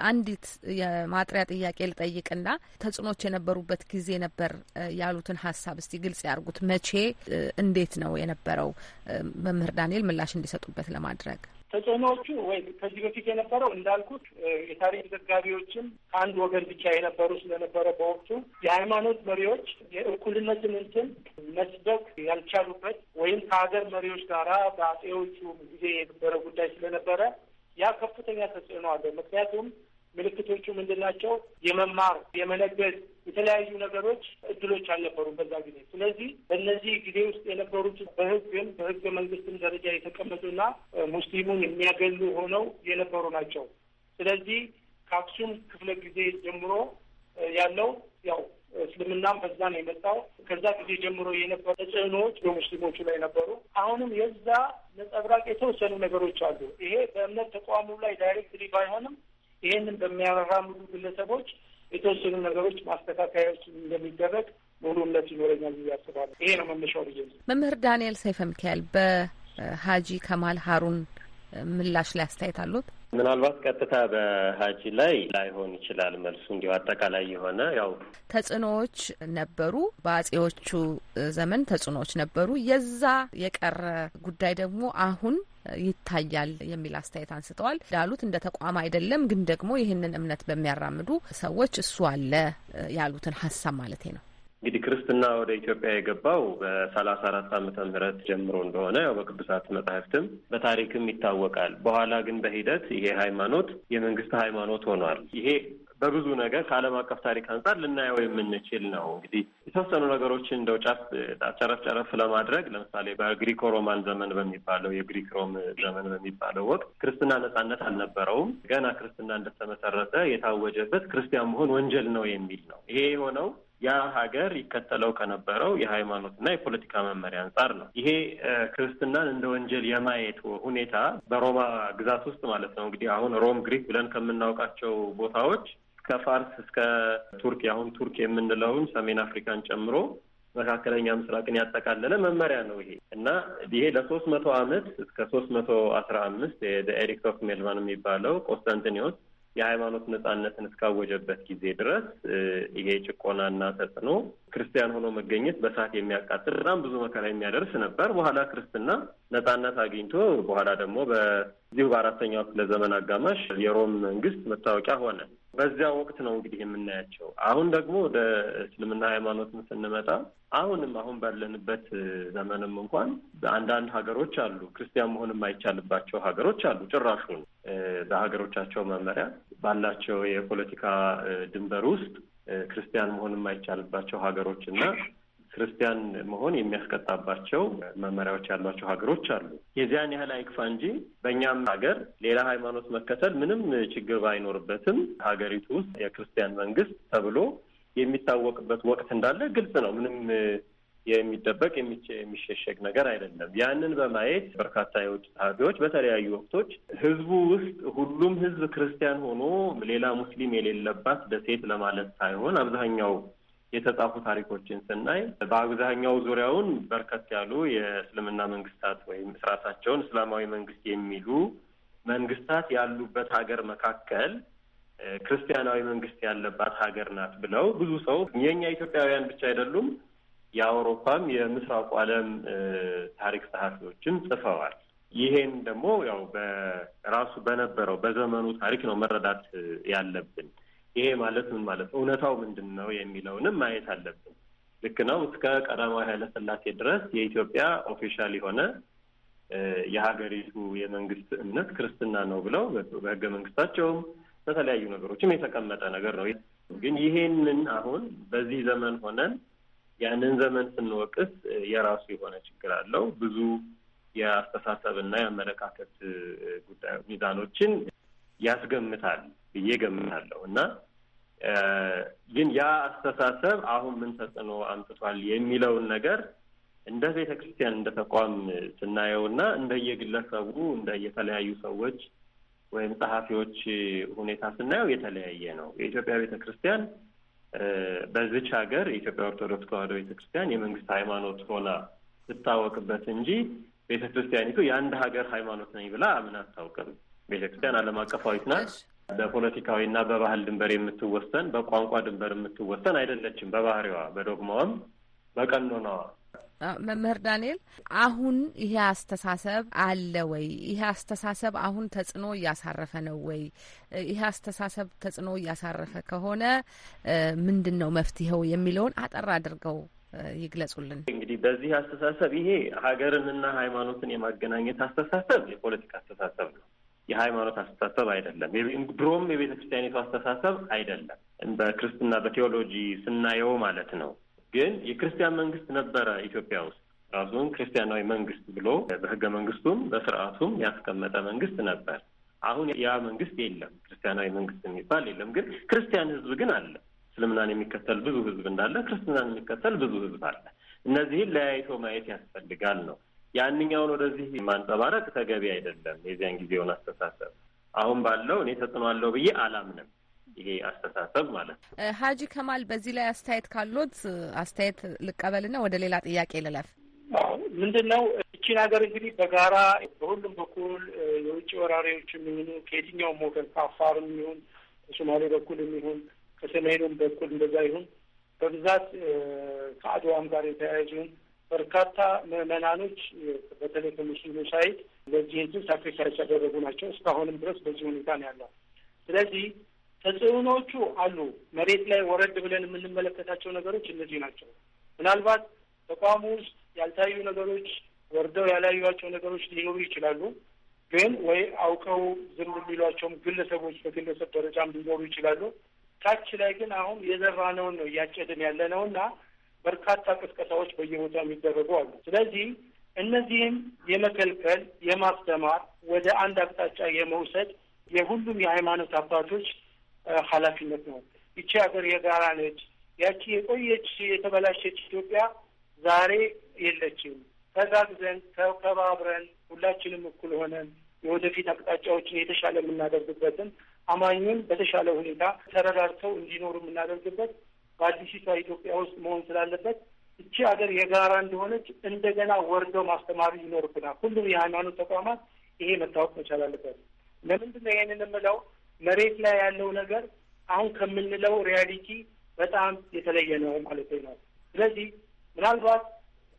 አንዲት የማጥሪያ ጥያቄ ልጠይቅና ተጽዕኖች የነበሩበት ጊዜ ነበር ያሉትን ሀሳብ እስቲ ግልጽ ያርጉት። መቼ እንዴት ነው የነበረው? መምህር ዳንኤል ምላሽ እንዲሰጡበት ለማድረግ ተጽዕኖዎቹ ወይ ከዚህ በፊት የነበረው እንዳልኩት የታሪክ ዘጋቢዎችም ከአንድ ወገን ብቻ የነበሩ ስለነበረ በወቅቱ የሃይማኖት መሪዎች የእኩልነትን እንትን መስበክ ያልቻሉበት ወይም ከሀገር መሪዎች ጋራ በአጼዎቹ ጊዜ የነበረ ጉዳይ ስለነበረ ያ ከፍተኛ ተጽዕኖ አለ። ምክንያቱም ምልክቶቹ ምንድን ናቸው? የመማር የመነገድ የተለያዩ ነገሮች እድሎች አልነበሩም በዛ ጊዜ። ስለዚህ በእነዚህ ጊዜ ውስጥ የነበሩት በህግም በህገ መንግስትም ደረጃ የተቀመጡና ሙስሊሙን የሚያገሉ ሆነው የነበሩ ናቸው። ስለዚህ ከአክሱም ክፍለ ጊዜ ጀምሮ ያለው ያው እስልምናም በዛ ነው የመጣው። ከዛ ጊዜ ጀምሮ የነበሩ ተጽዕኖዎች በሙስሊሞቹ ላይ ነበሩ። አሁንም የዛ ነጸብራቅ የተወሰኑ ነገሮች አሉ። ይሄ በእምነት ተቋሙ ላይ ዳይሬክትሊ ባይሆንም ይህንን በሚያራምዱ ግለሰቦች የተወሰኑ ነገሮች ማስተካከያዎች እንደሚደረግ ሙሉ እምነት ይኖረኛል ብዬ አስባለሁ። ይሄ ነው መነሻው ብዬ መምህር ዳንኤል ሰይፈ ሚካኤል በሀጂ ከማል ሀሩን ምላሽ ላይ አስተያየት አሉት። ምናልባት ቀጥታ በሀጂ ላይ ላይሆን ይችላል መልሱ እንዲሁ አጠቃላይ የሆነ ያው ተጽዕኖዎች ነበሩ። በአጼዎቹ ዘመን ተጽዕኖዎች ነበሩ። የዛ የቀረ ጉዳይ ደግሞ አሁን ይታያል የሚል አስተያየት አንስተዋል። እንዳሉት እንደ ተቋም አይደለም ግን ደግሞ ይህንን እምነት በሚያራምዱ ሰዎች እሱ አለ ያሉትን ሀሳብ ማለት ነው እንግዲህ ክርስትና ወደ ኢትዮጵያ የገባው በሰላሳ አራት ዓመተ ምህረት ጀምሮ እንደሆነ ያው በቅዱሳት መጻሕፍትም በታሪክም ይታወቃል። በኋላ ግን በሂደት ይሄ ሃይማኖት የመንግስት ሃይማኖት ሆኗል። ይሄ በብዙ ነገር ከዓለም አቀፍ ታሪክ አንጻር ልናየው የምንችል ነው። እንግዲህ የተወሰኑ ነገሮችን እንደው ጫፍ ጨረፍ ጨረፍ ለማድረግ ለምሳሌ በግሪኮ ሮማን ዘመን በሚባለው የግሪክ ሮም ዘመን በሚባለው ወቅት ክርስትና ነጻነት አልነበረውም። ገና ክርስትና እንደተመሰረተ የታወጀበት ክርስቲያን መሆን ወንጀል ነው የሚል ነው። ይሄ የሆነው ያ ሀገር ይከተለው ከነበረው የሃይማኖትና የፖለቲካ መመሪያ አንጻር ነው። ይሄ ክርስትናን እንደ ወንጀል የማየት ሁኔታ በሮማ ግዛት ውስጥ ማለት ነው እንግዲህ አሁን ሮም ግሪክ ብለን ከምናውቃቸው ቦታዎች እስከ ፋርስ እስከ ቱርክ አሁን ቱርክ የምንለውን ሰሜን አፍሪካን ጨምሮ መካከለኛ ምስራቅን ያጠቃለለ መመሪያ ነው ይሄ እና ይሄ ለሶስት መቶ አመት እስከ ሶስት መቶ አስራ አምስት ኤሪክ ኦፍ ሜልማን የሚባለው ቆስታንቲኒዎስ የሃይማኖት ነጻነትን እስካወጀበት ጊዜ ድረስ ይሄ ጭቆናና ተጽዕኖ ክርስቲያን ሆኖ መገኘት በሳት የሚያቃጥል በጣም ብዙ መከራ የሚያደርስ ነበር። በኋላ ክርስትና ነጻነት አግኝቶ በኋላ ደግሞ በዚሁ በአራተኛው ክፍለ ዘመን አጋማሽ የሮም መንግስት መታወቂያ ሆነ። በዚያ ወቅት ነው እንግዲህ የምናያቸው። አሁን ደግሞ ወደ እስልምና ሃይማኖትን ስንመጣ አሁንም አሁን ባለንበት ዘመንም እንኳን አንዳንድ ሀገሮች አሉ ክርስቲያን መሆን የማይቻልባቸው ሀገሮች አሉ። ጭራሹን በሀገሮቻቸው መመሪያ ባላቸው የፖለቲካ ድንበር ውስጥ ክርስቲያን መሆን የማይቻልባቸው ሀገሮች እና ክርስቲያን መሆን የሚያስቀጣባቸው መመሪያዎች ያሏቸው ሀገሮች አሉ። የዚያን ያህል አይክፋ እንጂ በእኛም ሀገር ሌላ ሃይማኖት መከተል ምንም ችግር ባይኖርበትም ሀገሪቱ ውስጥ የክርስቲያን መንግስት ተብሎ የሚታወቅበት ወቅት እንዳለ ግልጽ ነው። ምንም የሚደበቅ የሚሸሸግ ነገር አይደለም። ያንን በማየት በርካታ የውጭ ጸሐፊዎች በተለያዩ ወቅቶች ህዝቡ ውስጥ ሁሉም ህዝብ ክርስቲያን ሆኖ ሌላ ሙስሊም የሌለባት ደሴት ለማለት ሳይሆን አብዛኛው የተጻፉ ታሪኮችን ስናይ በአብዛኛው ዙሪያውን በርከት ያሉ የእስልምና መንግስታት ወይም ራሳቸውን እስላማዊ መንግስት የሚሉ መንግስታት ያሉበት ሀገር መካከል ክርስቲያናዊ መንግስት ያለባት ሀገር ናት ብለው ብዙ ሰው የእኛ ኢትዮጵያውያን ብቻ አይደሉም፣ የአውሮፓም የምስራቁ ዓለም ታሪክ ጸሐፊዎችም ጽፈዋል። ይሄን ደግሞ ያው በራሱ በነበረው በዘመኑ ታሪክ ነው መረዳት ያለብን። ይሄ ማለት ምን ማለት ነው፣ እውነታው ምንድን ነው የሚለውንም ማየት አለብን። ልክ ነው። እስከ ቀዳማዊ ኃይለሥላሴ ድረስ የኢትዮጵያ ኦፊሻል የሆነ የሀገሪቱ የመንግስት እምነት ክርስትና ነው ብለው በህገ መንግስታቸውም በተለያዩ ነገሮችም የተቀመጠ ነገር ነው። ግን ይሄንን አሁን በዚህ ዘመን ሆነን ያንን ዘመን ስንወቅስ የራሱ የሆነ ችግር አለው። ብዙ የአስተሳሰብና የአመለካከት ጉዳዮች ሚዛኖችን ያስገምታል። ብዬ ገምታለሁ እና ግን ያ አስተሳሰብ አሁን ምን ተጽዕኖ አምጥቷል የሚለውን ነገር እንደ ቤተ ክርስቲያን እንደ ተቋም ስናየው እና እንደየግለሰቡ እንደየተለያዩ ሰዎች ወይም ጸሐፊዎች ሁኔታ ስናየው የተለያየ ነው። የኢትዮጵያ ቤተ ክርስቲያን በዚች ሀገር የኢትዮጵያ ኦርቶዶክስ ተዋሕዶ ቤተ ክርስቲያን የመንግስት ሃይማኖት ሆና ስታወቅበት እንጂ ቤተ ክርስቲያኒቱ የአንድ ሀገር ሃይማኖት ነኝ ብላ ምን አታውቅም። ቤተ ክርስቲያን ዓለም አቀፋዊት ናት። በፖለቲካዊና በባህል ድንበር የምትወሰን በቋንቋ ድንበር የምትወሰን አይደለችም። በባህሪዋ፣ በዶግማዋም፣ በቀኖናዋ። መምህር ዳንኤል አሁን ይሄ አስተሳሰብ አለ ወይ? ይሄ አስተሳሰብ አሁን ተጽዕኖ እያሳረፈ ነው ወይ? ይሄ አስተሳሰብ ተጽዕኖ እያሳረፈ ከሆነ ምንድን ነው መፍትሄው የሚለውን አጠር አድርገው ይግለጹልን። እንግዲህ በዚህ አስተሳሰብ ይሄ ሀገርንና ሃይማኖትን የማገናኘት አስተሳሰብ የፖለቲካ አስተሳሰብ ነው። የሃይማኖት አስተሳሰብ አይደለም። ድሮም የቤተ ክርስቲያኒቱ አስተሳሰብ አይደለም። በክርስትና በቴዎሎጂ ስናየው ማለት ነው። ግን የክርስቲያን መንግስት ነበረ ኢትዮጵያ ውስጥ ራሱን ክርስቲያናዊ መንግስት ብሎ በህገ መንግስቱም በስርዓቱም ያስቀመጠ መንግስት ነበር። አሁን ያ መንግስት የለም፣ ክርስቲያናዊ መንግስት የሚባል የለም። ግን ክርስቲያን ህዝብ ግን አለ። እስልምናን የሚከተል ብዙ ህዝብ እንዳለ ክርስትናን የሚከተል ብዙ ህዝብ አለ። እነዚህን ለያይቶ ማየት ያስፈልጋል ነው ያንኛውን ወደዚህ ማንጸባረቅ ተገቢ አይደለም። የዚያን ጊዜውን አስተሳሰብ አሁን ባለው እኔ ተጽዕኖ አለው ብዬ አላምንም። ይሄ አስተሳሰብ ማለት ነው። ሀጂ ከማል በዚህ ላይ አስተያየት ካሎት አስተያየት ልቀበልና ወደ ሌላ ጥያቄ ልለፍ። ምንድን ነው እቺን ሀገር እንግዲህ በጋራ በሁሉም በኩል የውጭ ወራሪዎች የሚሆኑ ከየትኛውም ሞገን ከአፋርም ይሁን ከሶማሌ በኩል የሚሆን ከሰሜኑም በኩል እንደዛ ይሁን በብዛት ከአድዋም ጋር የተያያዙን በርካታ ምዕመናኖች በተለይ በሙስሊሙ ሳይድ ለዚህ ህዝብ ሳክሪፋይስ ያደረጉ ናቸው። እስካሁንም ድረስ በዚህ ሁኔታ ነው ያለው። ስለዚህ ተጽዕኖቹ አሉ። መሬት ላይ ወረድ ብለን የምንመለከታቸው ነገሮች እነዚህ ናቸው። ምናልባት ተቋሙ ውስጥ ያልታዩ ነገሮች ወርደው ያላዩቸው ነገሮች ሊኖሩ ይችላሉ። ግን ወይ አውቀው ዝም የሚሏቸውም ግለሰቦች በግለሰብ ደረጃም ሊኖሩ ይችላሉ። ታች ላይ ግን አሁን የዘራነውን ነው እያጨድን ያለ ነው እና በርካታ ቅስቀሳዎች በየቦታው የሚደረጉ አሉ። ስለዚህ እነዚህም የመከልከል የማስተማር ወደ አንድ አቅጣጫ የመውሰድ የሁሉም የሃይማኖት አባቶች ኃላፊነት ነው። ይቺ ሀገር የጋራ ነች። ያቺ የቆየች የተበላሸች ኢትዮጵያ ዛሬ የለችም። ተጋግዘን ተከባብረን ሁላችንም እኩል ሆነን የወደፊት አቅጣጫዎችን የተሻለ የምናደርግበትን አማኙን በተሻለ ሁኔታ ተረዳድተው እንዲኖሩ የምናደርግበት በአዲሲቷ ኢትዮጵያ ውስጥ መሆን ስላለበት እቺ ሀገር የጋራ እንደሆነች እንደገና ወርደው ማስተማሪ ይኖርብናል። ሁሉም የሃይማኖት ተቋማት ይሄ መታወቅ መቻል አለበት። ለምንድን ነው ይሄንን የምለው? መሬት ላይ ያለው ነገር አሁን ከምንለው ሪያሊቲ በጣም የተለየ ነው ማለት ነው። ስለዚህ ምናልባት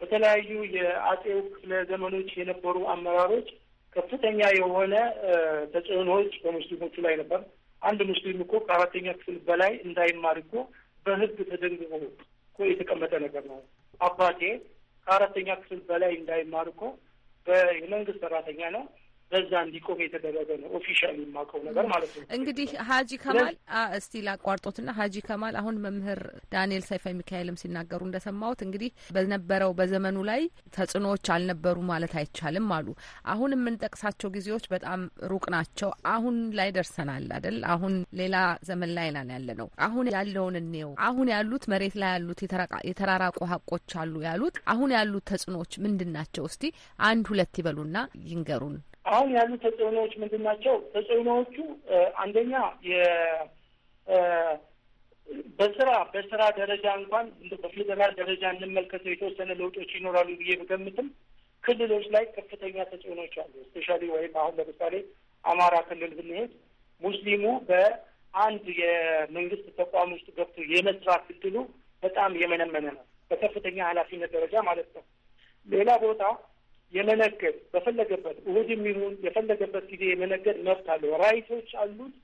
በተለያዩ የአጼው ክፍለ ዘመኖች የነበሩ አመራሮች ከፍተኛ የሆነ ተጽዕኖዎች በሙስሊሞቹ ላይ ነበር። አንድ ሙስሊም እኮ ከአራተኛ ክፍል በላይ እንዳይማር እኮ በህግ ተደንግቦ እኮ የተቀመጠ ነገር ነው። አባቴ ከአራተኛ ክፍል በላይ እንዳይማር እኮ የመንግስት ሰራተኛ ነው በዛ እንዲቆም የተደረገ ነው። ኦፊሻል የማውቀው ነገር ማለት ነው። እንግዲህ ሀጂ ከማል እስቲ ላቋርጦትና ሀጂ ከማል አሁን መምህር ዳንኤል ሰይፈ ሚካኤልም ሲናገሩ እንደሰማሁት እንግዲህ በነበረው በዘመኑ ላይ ተጽዕኖዎች አልነበሩ ማለት አይቻልም አሉ። አሁን የምንጠቅሳቸው ጊዜዎች በጣም ሩቅ ናቸው። አሁን ላይ ደርሰናል አይደል? አሁን ሌላ ዘመን ላይ ናን ያለ ነው። አሁን ያለውን እኔው አሁን ያሉት መሬት ላይ ያሉት የተራራቁ ሀቆች አሉ ያሉት አሁን ያሉት ተጽዕኖዎች ምንድን ናቸው? እስቲ አንድ ሁለት ይበሉና ይንገሩን። አሁን ያሉ ተጽዕኖዎች ምንድን ናቸው? ተጽዕኖዎቹ አንደኛ በስራ በስራ ደረጃ እንኳን በፌዴራል ደረጃ እንመልከተው የተወሰነ ለውጦች ይኖራሉ ብዬ ብገምትም ክልሎች ላይ ከፍተኛ ተጽዕኖች አሉ። እስፔሻሊ ወይም አሁን ለምሳሌ አማራ ክልል ብንሄድ ሙስሊሙ በአንድ የመንግስት ተቋም ውስጥ ገብቶ የመስራት እድሉ በጣም የመነመነ ነው፣ በከፍተኛ ኃላፊነት ደረጃ ማለት ነው። ሌላ ቦታ የመነገድ በፈለገበት እሁድም ይሁን የፈለገበት ጊዜ የመነገድ መብት አለው። ራይቶች አሉት።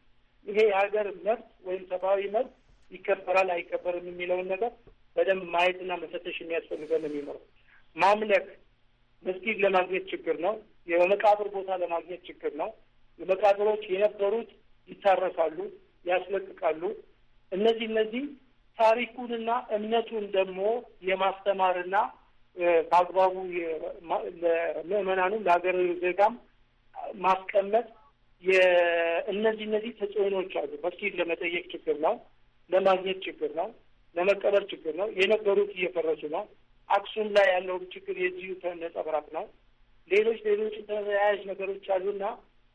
ይሄ የሀገር መብት ወይም ሰብአዊ መብት ይከበራል አይከበርም የሚለውን ነገር በደንብ ማየትና መፈተሽ የሚያስፈልገን የሚኖረው ማምለክ መስጊድ ለማግኘት ችግር ነው። የመቃብር ቦታ ለማግኘት ችግር ነው። የመቃብሮች የነበሩት ይታረሳሉ፣ ያስለቅቃሉ። እነዚህ እነዚህ ታሪኩንና እምነቱን ደግሞ የማስተማርና በአግባቡ ለምዕመናኑም ለሀገር ዜጋም ማስቀመጥ የእነዚህ እነዚህ ተጽዕኖዎች አሉ። መስጊድ ለመጠየቅ ችግር ነው፣ ለማግኘት ችግር ነው፣ ለመቀበር ችግር ነው። የነበሩት እየፈረሱ ነው። አክሱም ላይ ያለውም ችግር የዚሁ ነጸብራቅ ነው። ሌሎች ሌሎች ተያያዥ ነገሮች አሉና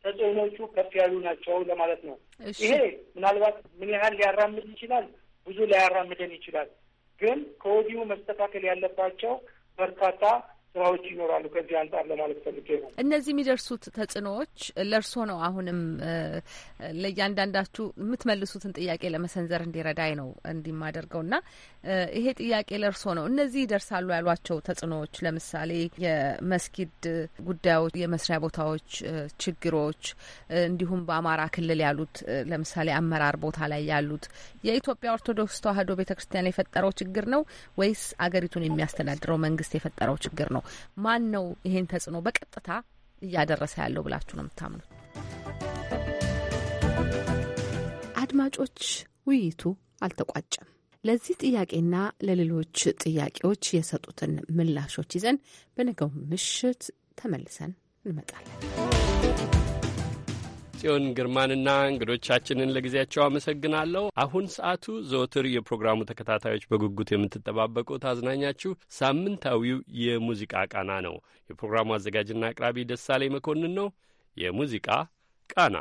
ተጽዕኖቹ ከፍ ያሉ ናቸው ለማለት ነው። ይሄ ምናልባት ምን ያህል ሊያራምድ ይችላል? ብዙ ሊያራምደን ይችላል። ግን ከወዲሁ መስተካከል ያለባቸው በርካታ ስራዎች ይኖራሉ። ከዚህ አንጻር ለማለት ፈልጌ ነው። እነዚህ የሚደርሱት ተጽዕኖዎች ለእርሶ ነው። አሁንም ለእያንዳንዳችሁ የምትመልሱትን ጥያቄ ለመሰንዘር እንዲረዳኝ ነው እንዲማደርገው እና ይሄ ጥያቄ ለእርሶ ነው። እነዚህ ይደርሳሉ ያሏቸው ተጽዕኖዎች ለምሳሌ የመስጊድ ጉዳዮች፣ የመስሪያ ቦታዎች ችግሮች፣ እንዲሁም በአማራ ክልል ያሉት ለምሳሌ አመራር ቦታ ላይ ያሉት የኢትዮጵያ ኦርቶዶክስ ተዋሕዶ ቤተ ክርስቲያን የፈጠረው ችግር ነው ወይስ አገሪቱን የሚያስተዳድረው መንግስት የፈጠረው ችግር ነው? ነው? ማን ነው ይሄን ተጽዕኖ በቀጥታ እያደረሰ ያለው ብላችሁ ነው የምታምኑት? አድማጮች፣ ውይይቱ አልተቋጨም። ለዚህ ጥያቄና ለሌሎች ጥያቄዎች የሰጡትን ምላሾች ይዘን በነገው ምሽት ተመልሰን እንመጣለን። ጽዮን ግርማንና እንግዶቻችንን ለጊዜያቸው አመሰግናለሁ። አሁን ሰዓቱ ዘወትር የፕሮግራሙ ተከታታዮች በጉጉት የምትጠባበቁት አዝናኛችሁ ሳምንታዊው የሙዚቃ ቃና ነው። የፕሮግራሙ አዘጋጅና አቅራቢ ደሳሌ መኮንን ነው። የሙዚቃ ቃና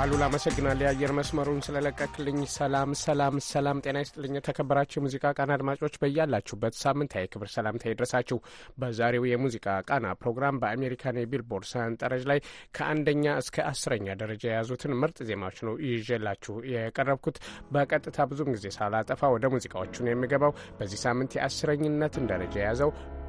አሉላ አመሰግናለሁ የአየር መስመሩን ስለለቀቅልኝ። ሰላም ሰላም ሰላም፣ ጤና ይስጥልኝ የተከበራችሁ የሙዚቃ ቃና አድማጮች በያላችሁበት ሳምንታዊ ክብር ሰላምታ ይድረሳችሁ። በዛሬው የሙዚቃ ቃና ፕሮግራም በአሜሪካን የቢልቦርድ ሰንጠረዥ ላይ ከአንደኛ እስከ አስረኛ ደረጃ የያዙትን ምርጥ ዜማዎች ነው ይዤላችሁ የቀረብኩት። በቀጥታ ብዙም ጊዜ ሳላጠፋ ወደ ሙዚቃዎቹ ነው የሚገባው። በዚህ ሳምንት የአስረኝነትን ደረጃ የያዘው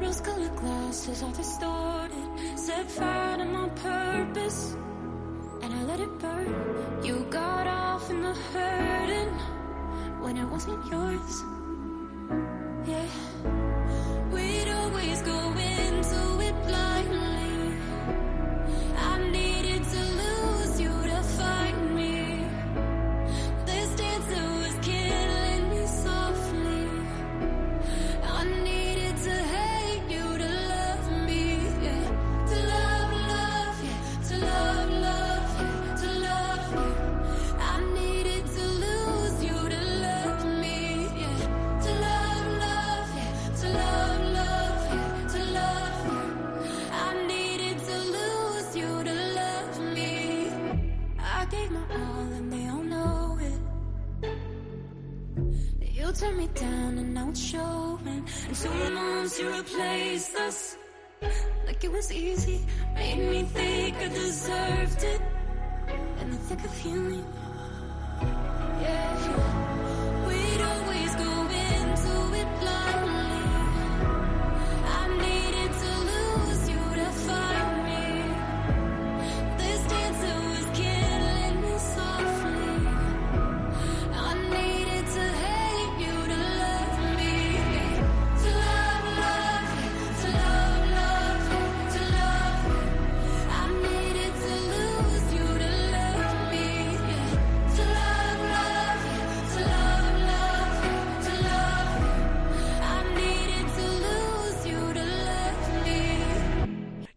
Rose colored glasses are distorted. Set fire to my purpose, and I let it burn. You got off in the hurting when it wasn't yours.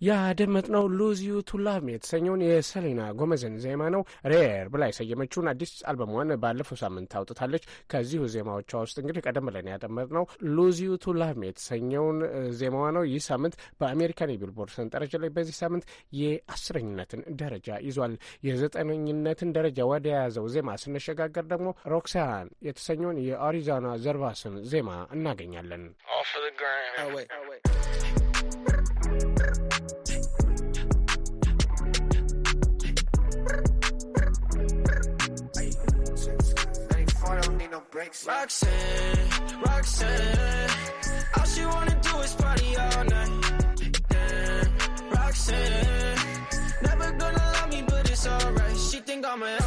ያደመጥነው ሉዝ ዩ ቱ ላቭ ሚ የተሰኘውን የሰሌና ጎመዝን ዜማ ነው። ሬር ብላ የሰየመችውን አዲስ አልበሟን ባለፈው ሳምንት አውጥታለች። ከዚሁ ዜማዎቿ ውስጥ እንግዲህ ቀደም ብለን ያደመጥነው ሉዝ ዩ ቱ ላቭ ሚ የተሰኘውን ዜማዋ ነው። ይህ ሳምንት በአሜሪካን የቢልቦርድ ሰንጠረዥ ላይ በዚህ ሳምንት የአስረኝነትን ደረጃ ይዟል። የዘጠነኝነትን ደረጃ ወደ ያዘው ዜማ ስንሸጋገር ደግሞ ሮክሳን የተሰኘውን የአሪዛና ዘርቫስን ዜማ እናገኛለን። breaks. Roxanne, Roxanne, all she wanna do is party all night. Damn, Roxanne, never gonna love me, but it's alright. She think I'm a,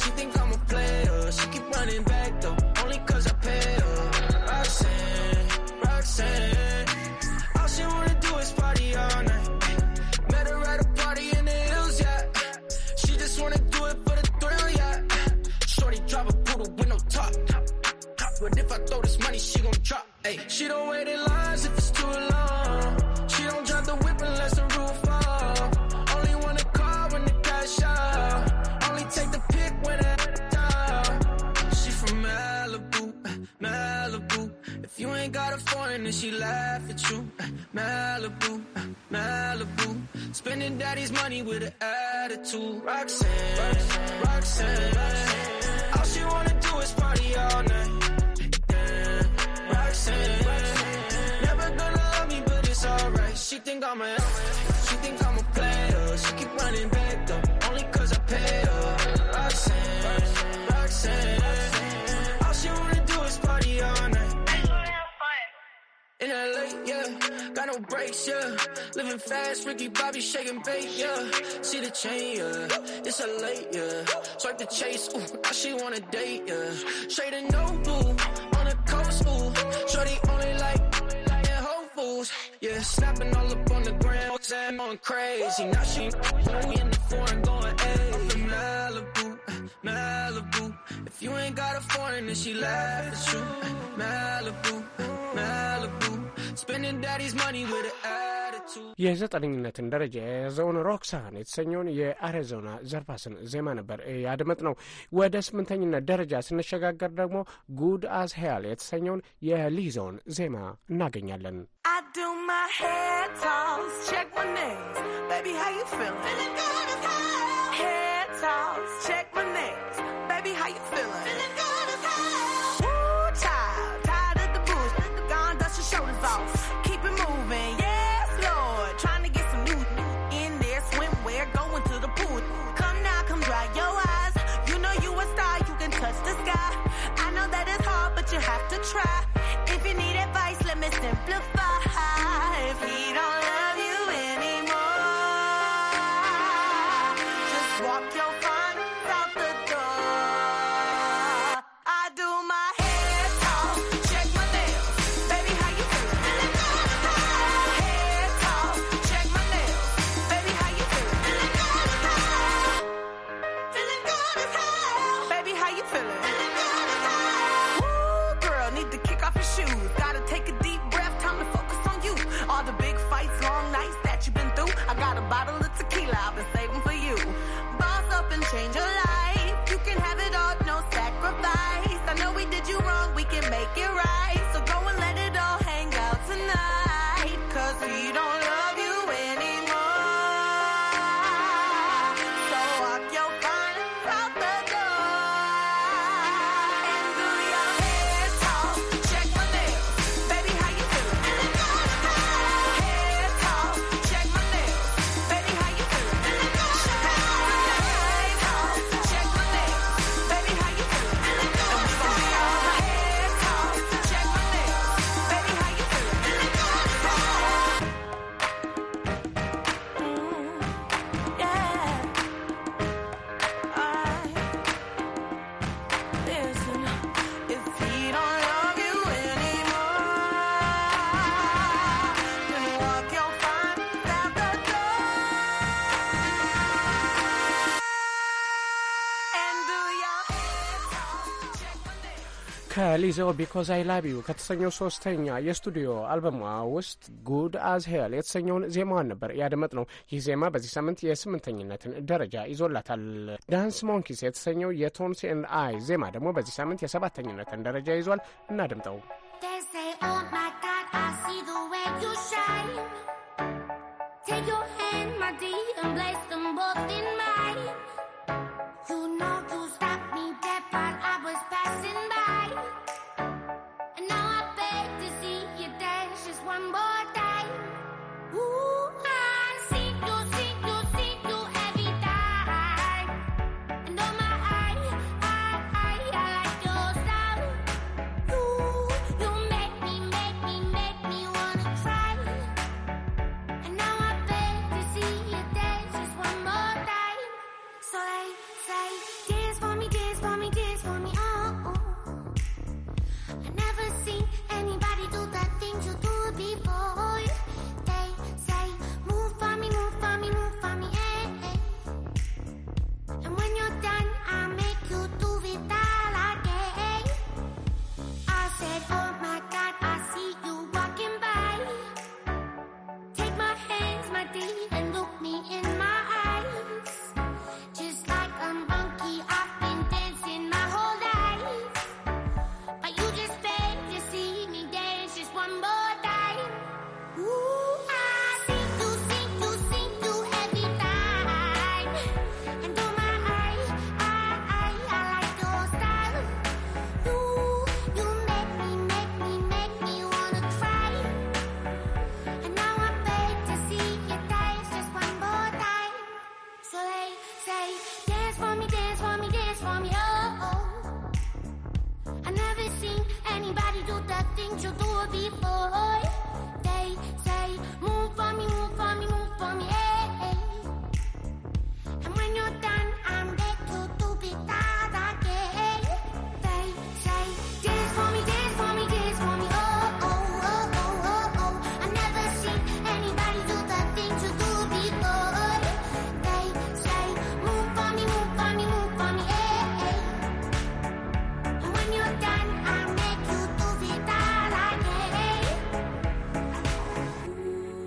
she think I'm a player. She keep running back though, only cause I pay her. Roxanne, Roxanne. But if I throw this money, she gon' drop. Hey, she don't wait in lines if it's too long. She don't drop the whip unless the roof fall. Only wanna call when the cash out. Only take the pick when it's out. She from Malibu, Malibu. If you ain't got a foreign, then she laugh at you. Malibu, Malibu. Spending daddy's money with an attitude. Roxanne, Roxanne, Roxanne. All she wanna do is party all night. Roxanne. Never gonna love me, but it's alright. She think I'm a, she think I'm a player. She keep running back though, only cause I pay her. Roxanne, Roxanne. All she wanna do is party all night. In LA, yeah, got no brakes, yeah. Living fast, Ricky Bobby shaking bait, yeah. See the chain, yeah. It's a late, yeah. Swipe the chase, ooh, now she wanna date, yeah. Straight and Noble on the coast, ooh. Shorty only like and Whole Foods. Yeah, snapping all up on the ground, I'm going crazy. Now she we in the foreign going, hey, Malibu, Malibu. If you ain't got a foreign, then she laugh at you. Malibu, Malibu. Spending daddy's money with an ass. የዘጠነኝነትን ደረጃ የያዘውን ሮክሳን የተሰኘውን የአሪዞና ዘርፋስን ዜማ ነበር ያድመጥ ነው። ወደ ስምንተኝነት ደረጃ ስንሸጋገር ደግሞ ጉድ አስ ሄል የተሰኘውን የሊዞን ዜማ እናገኛለን። Baby, how you feeling? try. If you need advice, let me simplify. ጊዜው ቢኮዝ አይ ላቭ ዩ ከተሰኘው ሶስተኛ የስቱዲዮ አልበሟ ውስጥ ጉድ አዝ ሄል የተሰኘውን ዜማዋን ነበር ያደመጥ ነው። ይህ ዜማ በዚህ ሳምንት የስምንተኝነትን ደረጃ ይዞላታል። ዳንስ ሞንኪስ የተሰኘው የቶንስ ኤንድ አይ ዜማ ደግሞ በዚህ ሳምንት የሰባተኝነትን ደረጃ ይዟል። እናድምጠው። say, say,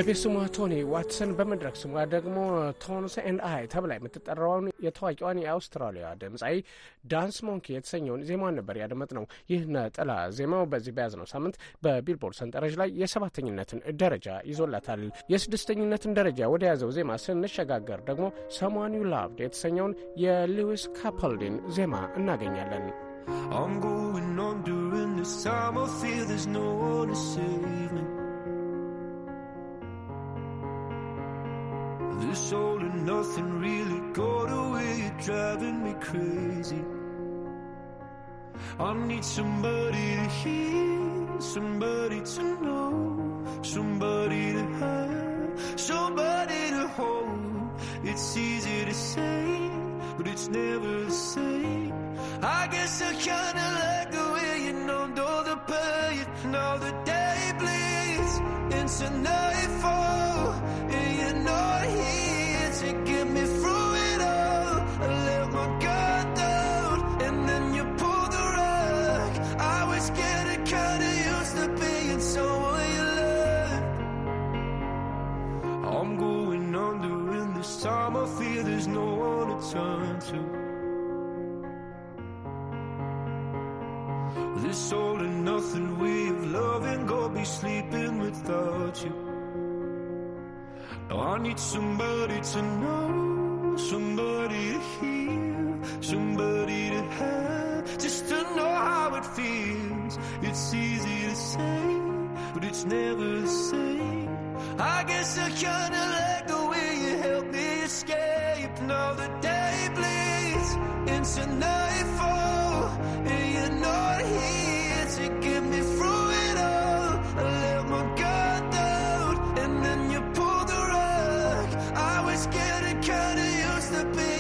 የቤት ስሟ ቶኒ ዋትሰን በመድረክ ስሟ ደግሞ ቶንስ ኤንድ አይ ተብላ የምትጠራውን የታዋቂዋን የአውስትራሊያ ድምፃዊ ዳንስ ሞንኪ የተሰኘውን ዜማዋን ነበር ያደመጥ ነው። ይህ ነጠላ ዜማው በዚህ በያዝነው ሳምንት በቢልቦርድ ሰንጠረዥ ላይ የሰባተኝነትን ደረጃ ይዞላታል። የስድስተኝነትን ደረጃ ወደ ያዘው ዜማ ስንሸጋገር ደግሞ ሰሟን ዩ ላቭድ የተሰኘውን የሉዊስ ካፐልዲን ዜማ እናገኛለን። I'm going on this time. I feel there's no one to save me. This all and nothing really got away, driving me crazy. I need somebody to hear, somebody to know, somebody to have, somebody to hold. It's easy to say, but it's never the same. I guess I kinda like the way you know, all the pain, all the day bleeds into nightfall. to. This all and nothing way of loving, go be sleeping without you. Now I need somebody to know, somebody to hear, somebody to have, just to know how it feels. It's easy to say, but it's never the same. I guess I kinda like the way you help me escape. Now the to nightfall you're not here to get me through it all I let my guard down and then you pulled the rug I was getting kinda used to be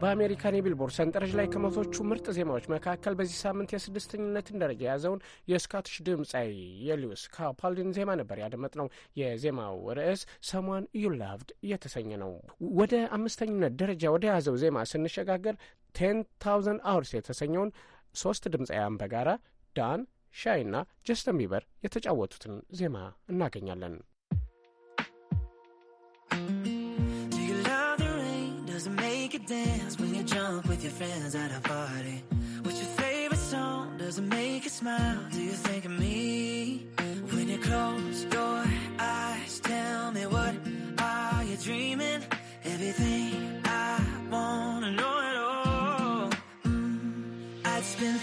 በአሜሪካን የቢልቦርድ ሰንጠረዥ ላይ ከመቶቹ ምርጥ ዜማዎች መካከል በዚህ ሳምንት የስድስተኝነትን ደረጃ የያዘውን የስካትሽ ድምፃዊ የሊዩስ ካፓልዲን ዜማ ነበር ያደመጥነው። የዜማው ርዕስ ሰሟን ዩ ላቭድ እየተሰኘ ነው። ወደ አምስተኝነት ደረጃ ወደ ያዘው ዜማ ስንሸጋገር ቴን ታውዘንድ አውርስ የተሰኘውን ሶስት ድምፃውያን በጋራ ዳን ሻይና ጀስተን ቢበር የተጫወቱትን ዜማ እናገኛለን። does it make you dance when you jump with your friends at a party? What's your favorite song? Does it make you smile? Do you think of me? When you close your eyes, tell me what are you dreaming? Everything I wanna know at all. Mm, I'd spend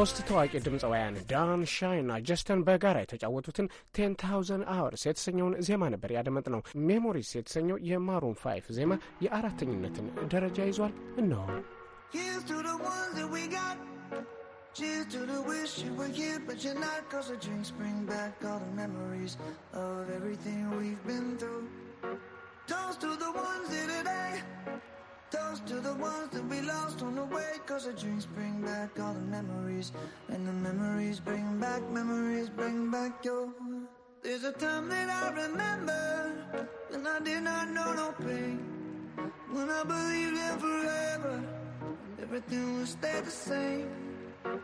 ሦስት ታዋቂ ድምፃውያን ዳን ሻይና ጀስተን በጋራ የተጫወቱትን ቴን ታውዘንድ አወርስ የተሰኘውን ዜማ ነበር ያደመጥ ነው። ሜሞሪስ የተሰኘው የማሩን ፋይፍ ዜማ የአራተኝነትን ደረጃ ይዟል። እነሆ Cheers to the wish you were here, but you're not. Cause the drinks bring back all the memories of everything we've been through. Toast to the ones here today. to the ones that we lost on the way Cause the drinks bring back all the memories And the memories bring back, memories bring back your There's a time that I remember When I did not know no pain When I believed in forever Everything would stay the same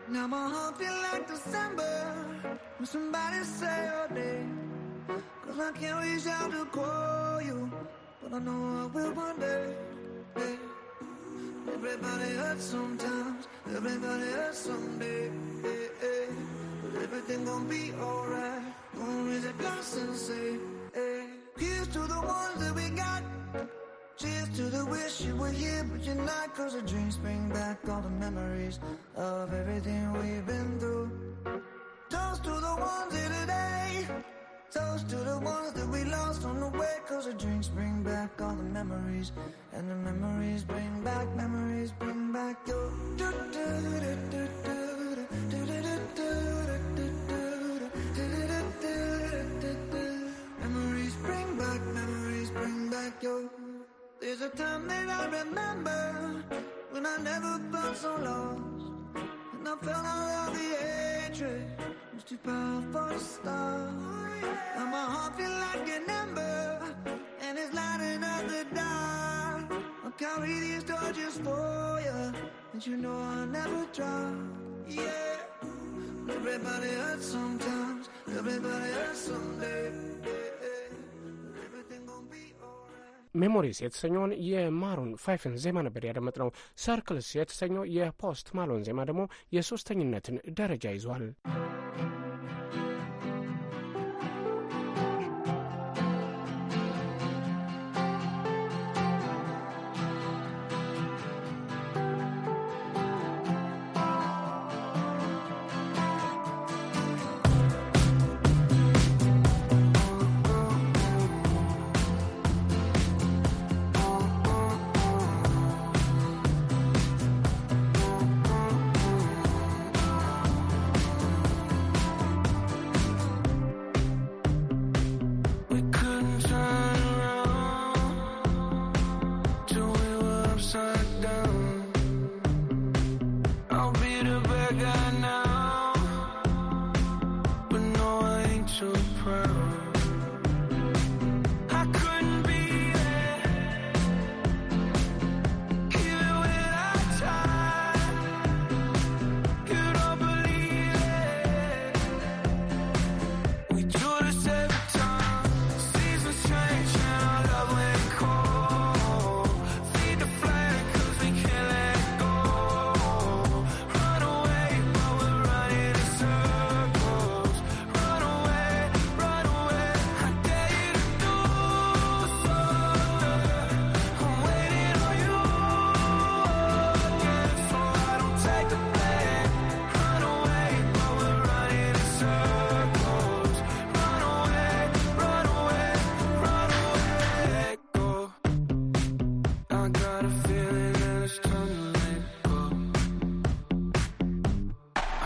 now my heart feel like December When somebody say your name Cause I can't reach out to call you But I know I will one day, day. Everybody hurts sometimes, everybody hurts someday. Hey, hey. But everything gon' be alright. Gonna raise a glass and say, hey. Here's to the ones that we got. Cheers to the wish you were here, but you're not. Cause the dreams bring back all the memories of everything we've been through. Toast to the ones here today. Toast to the ones that we lost on the way Cause the drinks bring back all the memories And the memories bring back, memories bring back your Memories bring back, memories bring back your There's a time that I remember When I never felt so lost and I fell out of the hatred. It's too powerful to stop. And my heart feels like an ember. And it's lighting up the dark. I'll carry these torches for you. And you know I'll never drop. Yeah. Everybody hurts sometimes. Everybody hurts someday. ሜሞሪስ የተሰኘውን የማሩን ፋይፍን ዜማ ነበር ያደመጥነው። ሰርክልስ የተሰኘው የፖስት ማሎን ዜማ ደግሞ የሶስተኝነትን ደረጃ ይዟል።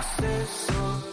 Acceso.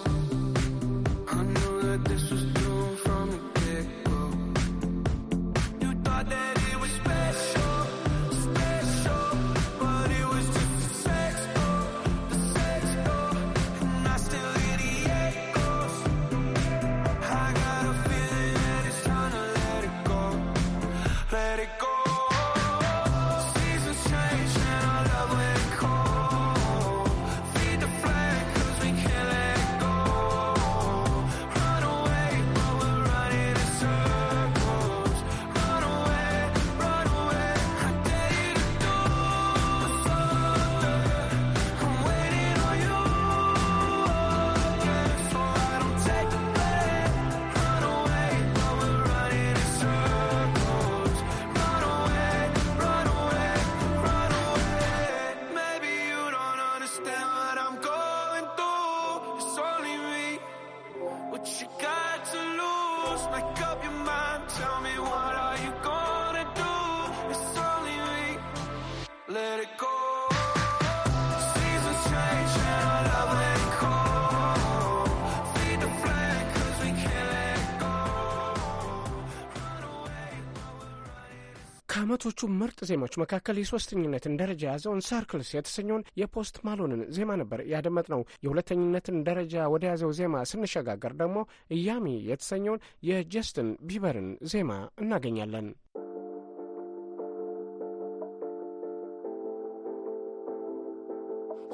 ከአስርቶቹ ምርጥ ዜማዎች መካከል የሶስተኝነትን ደረጃ የያዘውን ሰርክልስ የተሰኘውን የፖስት ማሎንን ዜማ ነበር ያደመጥነው። የሁለተኝነትን ደረጃ ወደ ያዘው ዜማ ስንሸጋገር ደግሞ እያሚ የተሰኘውን የጀስትን ቢበርን ዜማ እናገኛለን።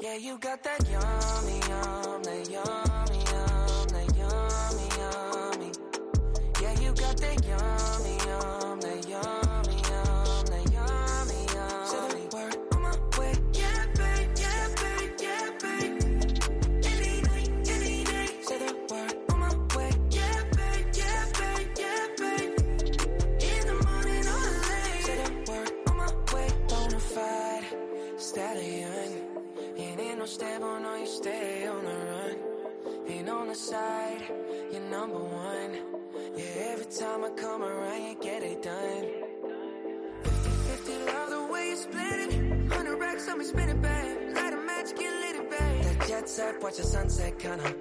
Yeah, you got that yummy, yummy, yummy. kinda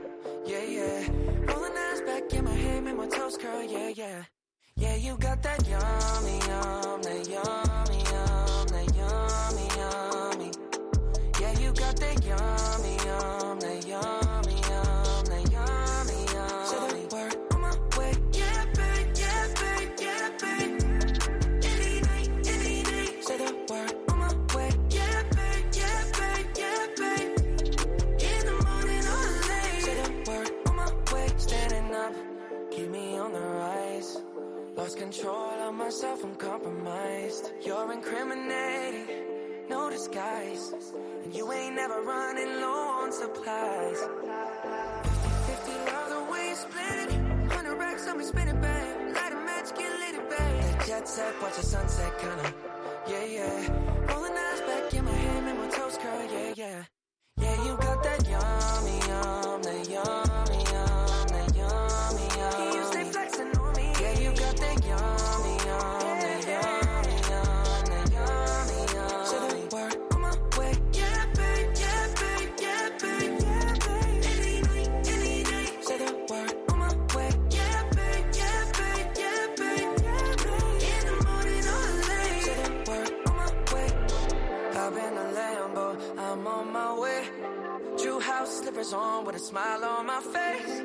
smile on my face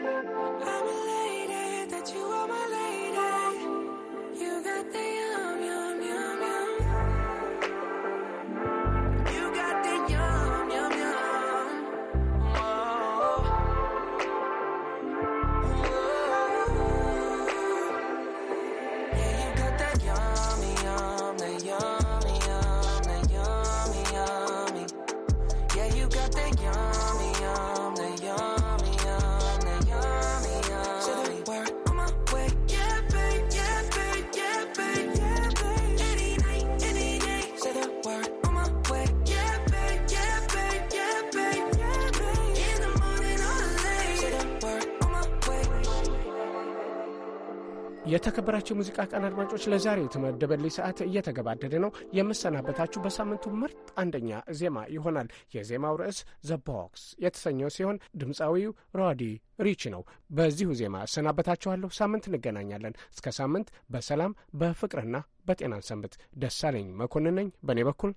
የተከበራቸው የሙዚቃ ቀን አድማጮች፣ ለዛሬ የተመደበልኝ ሰዓት እየተገባደደ ነው። የምሰናበታችሁ በሳምንቱ ምርጥ አንደኛ ዜማ ይሆናል። የዜማው ርዕስ ዘ ቦክስ የተሰኘው ሲሆን ድምፃዊው ሮዲ ሪች ነው። በዚሁ ዜማ እሰናበታችኋለሁ። ሳምንት እንገናኛለን። እስከ ሳምንት በሰላም በፍቅርና በጤናን ሰንብት። ደሳለኝ መኮንን ነኝ። በእኔ በኩል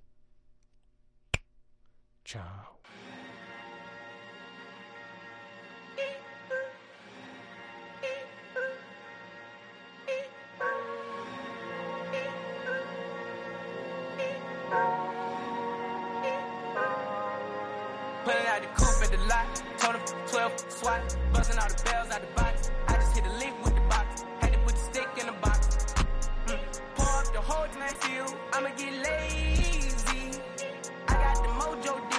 ቻው። swat. all the bells out the box. I just hit a leak with the box. Had to put the stick in the box. Mm. Pour up the whole damn field. I'ma get lazy. I got the mojo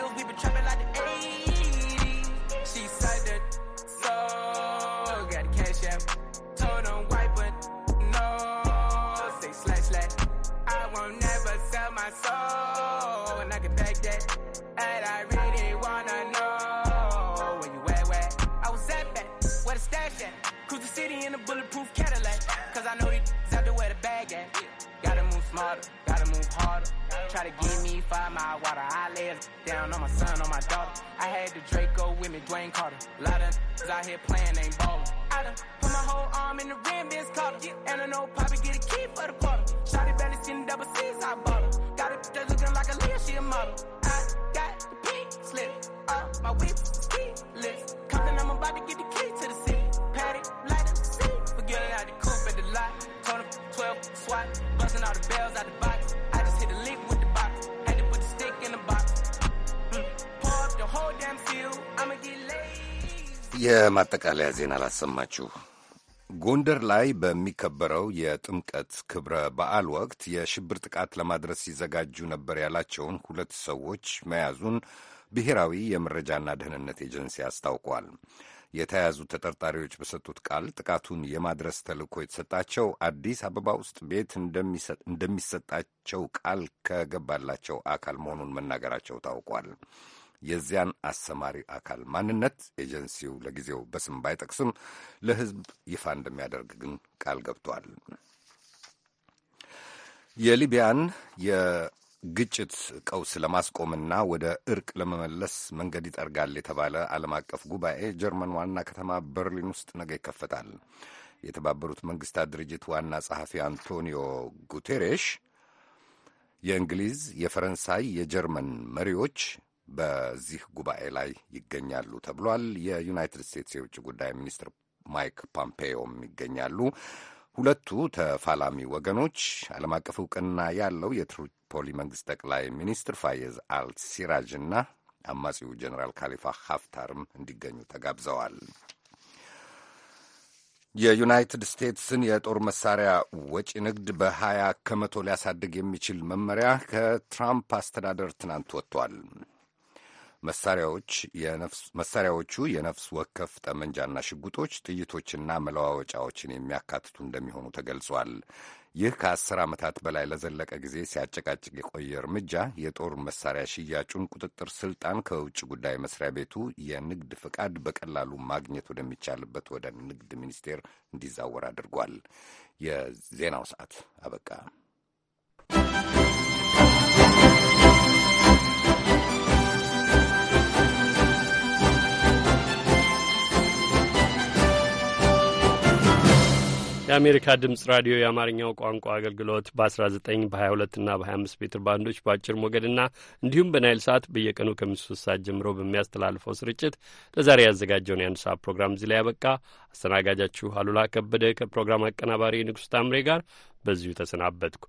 Try to give me five mile water. I lay down on my son, on my daughter. I had the Draco with me, Dwayne Carter. A lot of out here playing, ain't ballin'. I done put my whole arm in the rim, Ben's caught And I know Poppy get a key for the quarter. Shotty belly skin, double C's, I bought Got it that looking like a Leo, she a model. I got the pink slip up my whip, ski list. Compton, I'm about to get the key to the city. Patty, light up, see. Forget it out the coop at the lot. Told 12, swat. bustin' all the bells out the box. የማጠቃለያ ዜና አላሰማችሁ። ጎንደር ላይ በሚከበረው የጥምቀት ክብረ በዓል ወቅት የሽብር ጥቃት ለማድረስ ሲዘጋጁ ነበር ያላቸውን ሁለት ሰዎች መያዙን ብሔራዊ የመረጃና ደህንነት ኤጀንሲ አስታውቋል። የተያዙ ተጠርጣሪዎች በሰጡት ቃል ጥቃቱን የማድረስ ተልዕኮ የተሰጣቸው አዲስ አበባ ውስጥ ቤት እንደሚሰጣቸው ቃል ከገባላቸው አካል መሆኑን መናገራቸው ታውቋል። የዚያን አሰማሪ አካል ማንነት ኤጀንሲው ለጊዜው በስም ባይጠቅስም ለሕዝብ ይፋ እንደሚያደርግ ግን ቃል ገብቷል። የሊቢያን የግጭት ቀውስ ለማስቆምና ወደ እርቅ ለመመለስ መንገድ ይጠርጋል የተባለ ዓለም አቀፍ ጉባኤ ጀርመን ዋና ከተማ በርሊን ውስጥ ነገ ይከፈታል። የተባበሩት መንግስታት ድርጅት ዋና ጸሐፊ አንቶኒዮ ጉቴሬሽ የእንግሊዝ፣ የፈረንሳይ፣ የጀርመን መሪዎች በዚህ ጉባኤ ላይ ይገኛሉ ተብሏል። የዩናይትድ ስቴትስ የውጭ ጉዳይ ሚኒስትር ማይክ ፖምፔዮም ይገኛሉ። ሁለቱ ተፋላሚ ወገኖች ዓለም አቀፍ እውቅና ያለው የትሪፖሊ መንግስት ጠቅላይ ሚኒስትር ፋየዝ እና አማጺው ጀኔራል ካሊፋ ሀፍታርም እንዲገኙ ተጋብዘዋል። የዩናይትድ ስቴትስን የጦር መሳሪያ ወጪ ንግድ በ20 ከመቶ ሊያሳድግ የሚችል መመሪያ ከትራምፕ አስተዳደር ትናንት ወጥቷል። መሳሪያዎቹ የነፍስ ወከፍ ጠመንጃና ሽጉጦች፣ ጥይቶችና መለዋወጫዎችን የሚያካትቱ እንደሚሆኑ ተገልጿል። ይህ ከአስር ዓመታት በላይ ለዘለቀ ጊዜ ሲያጨቃጭቅ የቆየ እርምጃ የጦር መሳሪያ ሽያጩን ቁጥጥር ስልጣን ከውጭ ጉዳይ መስሪያ ቤቱ የንግድ ፍቃድ በቀላሉ ማግኘት ወደሚቻልበት ወደ ንግድ ሚኒስቴር እንዲዛወር አድርጓል። የዜናው ሰዓት አበቃ። የአሜሪካ ድምጽ ራዲዮ የአማርኛው ቋንቋ አገልግሎት በ19 በ22 እና በ25 ሜትር ባንዶች በአጭር ሞገድና እንዲሁም በናይል ሰዓት በየቀኑ ከምሽቱ ሶስት ሰዓት ጀምሮ በሚያስተላልፈው ስርጭት ለዛሬ ያዘጋጀውን የአንድ ሰዓት ፕሮግራም እዚህ ላይ ያበቃ። አስተናጋጃችሁ አሉላ ከበደ ከፕሮግራም አቀናባሪ ንጉሥ ታምሬ ጋር በዚሁ ተሰናበትኩ።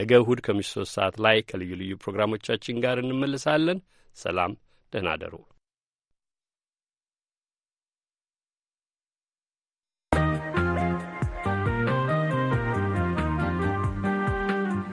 ነገ እሁድ ከምሽቱ ሶስት ሰዓት ላይ ከልዩ ልዩ ፕሮግራሞቻችን ጋር እንመልሳለን። ሰላም፣ ደህና አደሩ።